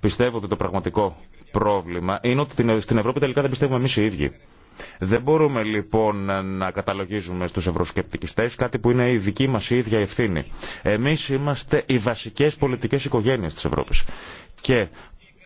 Πιστεύω ότι το πραγματικό πρόβλημα είναι ότι στην Ευρώπη τελικά δεν πιστεύουμε εμείς οι ίδιοι. Δεν μπορούμε λοιπόν να καταλογίζουμε στους ευρωσκεπτικιστές κάτι που είναι η δική μας η ίδια ευθύνη. Εμείς είμαστε οι βασικές πολιτικές οικογένειες της Ευρώπης. Και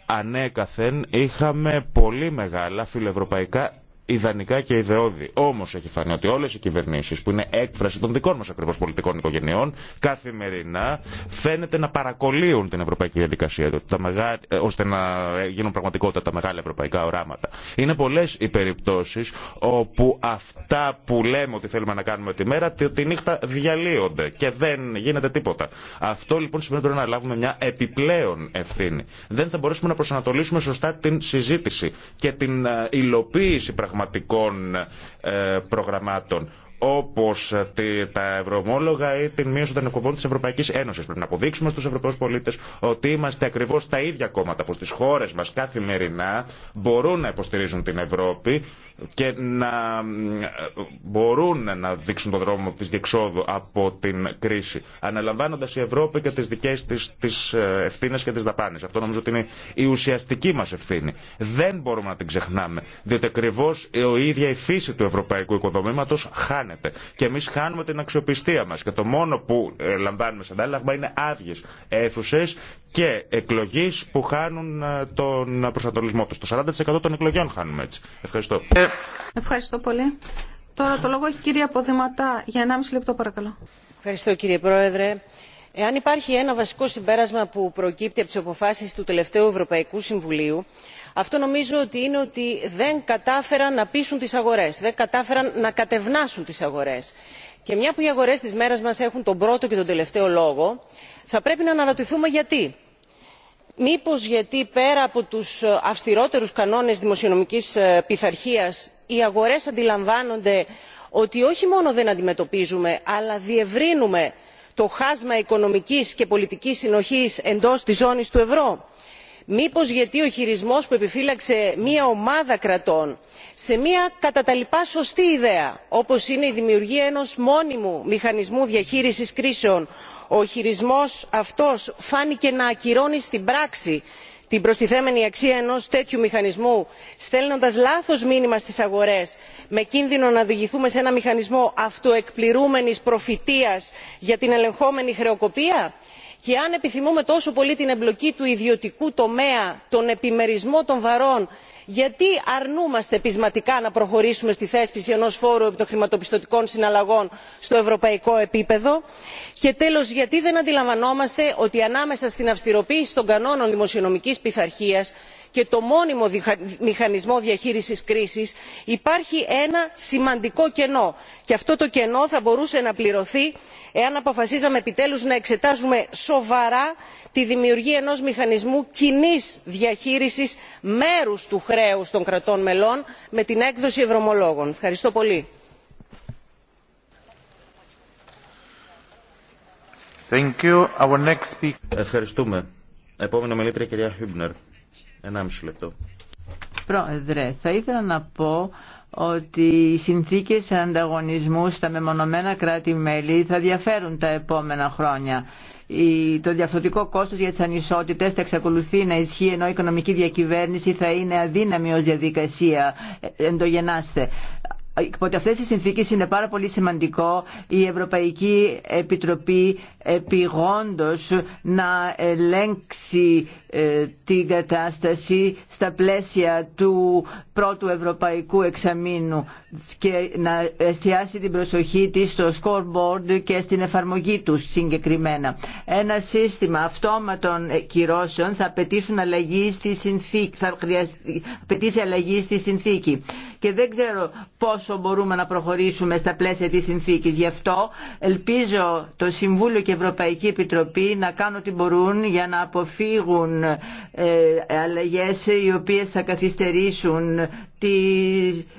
ανέκαθεν είχαμε πολύ μεγάλα φιλευρωπαϊκά ιδανικά και ιδεώδη. Όμω έχει φανεί ότι όλε οι κυβερνήσει που είναι έκφραση των δικών μα ακριβώ πολιτικών οικογενειών καθημερινά φαίνεται να παρακολύουν την ευρωπαϊκή διαδικασία τα μεγά... Ε, ώστε να γίνουν πραγματικότητα τα μεγάλα ευρωπαϊκά οράματα. Είναι πολλέ οι περιπτώσει όπου αυτά που λέμε ότι θέλουμε να κάνουμε τη μέρα τη νύχτα διαλύονται και δεν γίνεται τίποτα. Αυτό λοιπόν σημαίνει ότι πρέπει να λάβουμε μια επιπλέον ευθύνη. Δεν θα μπορέσουμε να προσανατολίσουμε σωστά την συζήτηση και την ε, υλοποίηση πραγματικά πραγματικών ε, προγραμμάτων. Όπω τα ευρωομόλογα ή την μείωση των εκπομπών τη Ευρωπαϊκή Ένωση. Πρέπει να αποδείξουμε στου Ευρωπαίους πολίτε ότι είμαστε ακριβώ τα ίδια κόμματα που στι χώρε μα καθημερινά μπορούν να υποστηρίζουν την Ευρώπη και να μπορούν να δείξουν τον δρόμο τη διεξόδου από την κρίση, αναλαμβάνοντα η Ευρώπη και τι δικέ της ε, ευθύνε και τι δαπάνε. Αυτό νομίζω ότι είναι η ουσιαστική μα ευθύνη. Δεν μπορούμε να την ξεχνάμε, διότι ακριβώ η ίδια η φύση του ευρωπαϊκού οικοδομήματος χάνει και εμεί χάνουμε την αξιοπιστία μα. Και το μόνο που ε, λαμβάνουμε σε αντάλλαγμα είναι άδειε αίθουσε και εκλογέ που χάνουν ε, τον προσανατολισμό του. Το 40% των εκλογών χάνουμε έτσι. Ευχαριστώ. Ευχαριστώ πολύ. Τώρα το λόγο έχει κυρία Ποδηματά. Για 1,5 λεπτό παρακαλώ. Ευχαριστώ κύριε Πρόεδρε εάν υπάρχει ένα βασικό συμπέρασμα που προκύπτει από τι αποφάσει του τελευταίου ευρωπαϊκού συμβουλίου αυτό νομίζω ότι είναι ότι δεν κατάφεραν να πείσουν τι αγορέ, δεν κατάφεραν να κατευνάσουν τι αγορέ. και μια που οι αγορέ τη μέρα μα έχουν τον πρώτο και τον τελευταίο λόγο θα πρέπει να αναρωτηθούμε γιατί. Μήπω γιατί πέρα από του αυστηρότερου κανόνε δημοσιονομική ε, πειθαρχία οι αγορέ αντιλαμβάνονται ότι όχι μόνο δεν αντιμετωπίζουμε αλλά διευρύνουμε το χάσμα οικονομικής και πολιτικής συνοχής εντός της ζώνης του ευρώ; μήπως γιατί ο χειρισμός που επιφύλαξε μια ομάδα κρατών σε μια κατά τα λοιπά σωστή ιδέα όπως είναι η δημιουργία ενός μόνιμου μηχανισμού διαχείρισης κρίσεων ο χειρισμός αυτός φάνηκε να ακυρώνει στην πράξη την προστιθέμενη αξία ενός τέτοιου μηχανισμού στέλνοντας λάθος μήνυμα στις αγορές με κίνδυνο να οδηγηθούμε σε ένα μηχανισμό αυτοεκπληρούμενης προφητείας για την ελεγχόμενη χρεοκοπία και αν επιθυμούμε τόσο πολύ την εμπλοκή του ιδιωτικού τομέα τον επιμερισμό των βαρών γιατί αρνούμαστε πεισματικά να προχωρήσουμε στη θέσπιση ενός φόρου επί των χρηματοπιστωτικών συναλλαγών στο ευρωπαϊκό επίπεδο και τέλος γιατί δεν αντιλαμβανόμαστε ότι ανάμεσα στην αυστηροποίηση των κανόνων δημοσιονομικής πειθαρχίας και το μόνιμο μηχανισμό διαχείρισης κρίσης υπάρχει ένα σημαντικό κενό και αυτό το κενό θα μπορούσε να πληρωθεί εάν αποφασίζαμε επιτέλου να εξετάζουμε σοβαρά τη δημιουργία ενός μηχανισμού κοινή διαχείρισης μέρους του χρέους των κρατών μελών με την έκδοση ευρωομολόγων. ευχαριστώ πολύ. Ευχαριστούμε. Επόμενο μελήτρια κυρία Χιούμπνερ. μισή λεπτό. Πρόεδρε, θα ήθελα να πω ότι οι συνθήκες ανταγωνισμού στα μεμονωμένα κράτη-μέλη θα διαφέρουν τα επόμενα χρόνια. Το διαφορετικό κόστος για τις ανισότητες θα εξακολουθεί να ισχύει ενώ η οικονομική διακυβέρνηση θα είναι αδύναμη ως διαδικασία ε, ε, εντογενάστε υπό αυτέ τι συνθήκε είναι πάρα πολύ σημαντικό η Ευρωπαϊκή Επιτροπή επιγόντω να ελέγξει ε, την κατάσταση στα πλαίσια του πρώτου Ευρωπαϊκού Εξαμήνου και να εστιάσει την προσοχή τη στο scoreboard και στην εφαρμογή του συγκεκριμένα. Ένα σύστημα αυτόματων κυρώσεων θα αλλαγή στη συνθήκη, θα απαιτήσει αλλαγή στη συνθήκη και δεν ξέρω πόσο μπορούμε να προχωρήσουμε στα πλαίσια της συνθήκης. Γι' αυτό ελπίζω το Συμβούλιο και η Ευρωπαϊκή Επιτροπή να κάνουν ό,τι μπορούν για να αποφύγουν ε, αλλαγές οι οποίες θα καθυστερήσουν τη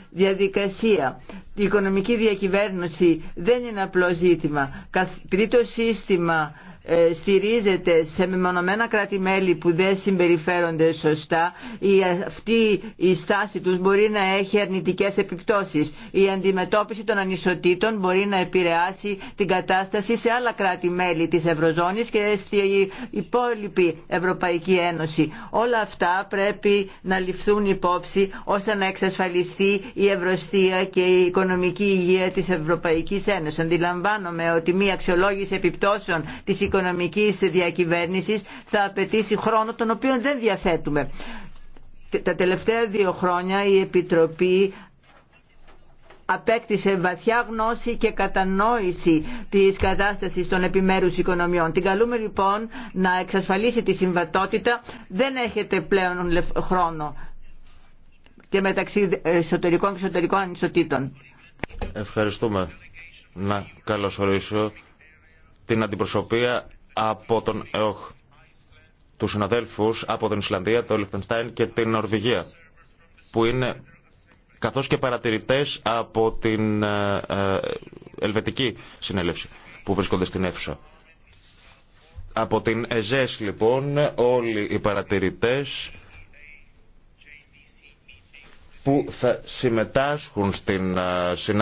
διαδικασία. Η οικονομική διακυβέρνηση δεν είναι απλό ζήτημα. Επειδή το σύστημα ε, στηρίζεται σε μεμονωμένα κράτη-μέλη που δεν συμπεριφέρονται σωστά η, αυτή η στάση τους μπορεί να έχει αρνητικές επιπτώσεις. Η αντιμετώπιση των ανισοτήτων μπορεί να επηρεάσει την κατάσταση σε άλλα κράτη-μέλη της Ευρωζώνης και στη υπόλοιπη Ευρωπαϊκή Ένωση. Όλα αυτά πρέπει να ληφθούν υπόψη ώστε να εξασφαλιστεί η ευρωστία και η οικονομική υγεία της Ευρωπαϊκής Ένωσης. Αντιλαμβάνομαι ότι μία αξιολόγηση επιπτώσεων της οικονομικής οικονομικής διακυβέρνησης θα απαιτήσει χρόνο τον οποίο δεν διαθέτουμε. Τα τελευταία δύο χρόνια η Επιτροπή απέκτησε βαθιά γνώση και κατανόηση της κατάστασης των επιμέρους οικονομιών. Την καλούμε λοιπόν να εξασφαλίσει τη συμβατότητα. Δεν έχετε πλέον χρόνο και μεταξύ εσωτερικών και εσωτερικών ανισοτήτων. Ευχαριστούμε. Να καλωσορίσω την αντιπροσωπεία από τον ΕΟΧ, τους συναδέλφους από την Ισλανδία, το Λιχτενστάιν και την Νορβηγία, που είναι καθώς και παρατηρητές από την ε, ε, Ελβετική Συνέλευση που βρίσκονται στην αίθουσα. Από την ΕΖΕΣ λοιπόν όλοι οι παρατηρητές που θα συμμετάσχουν στην ε, συνάντηση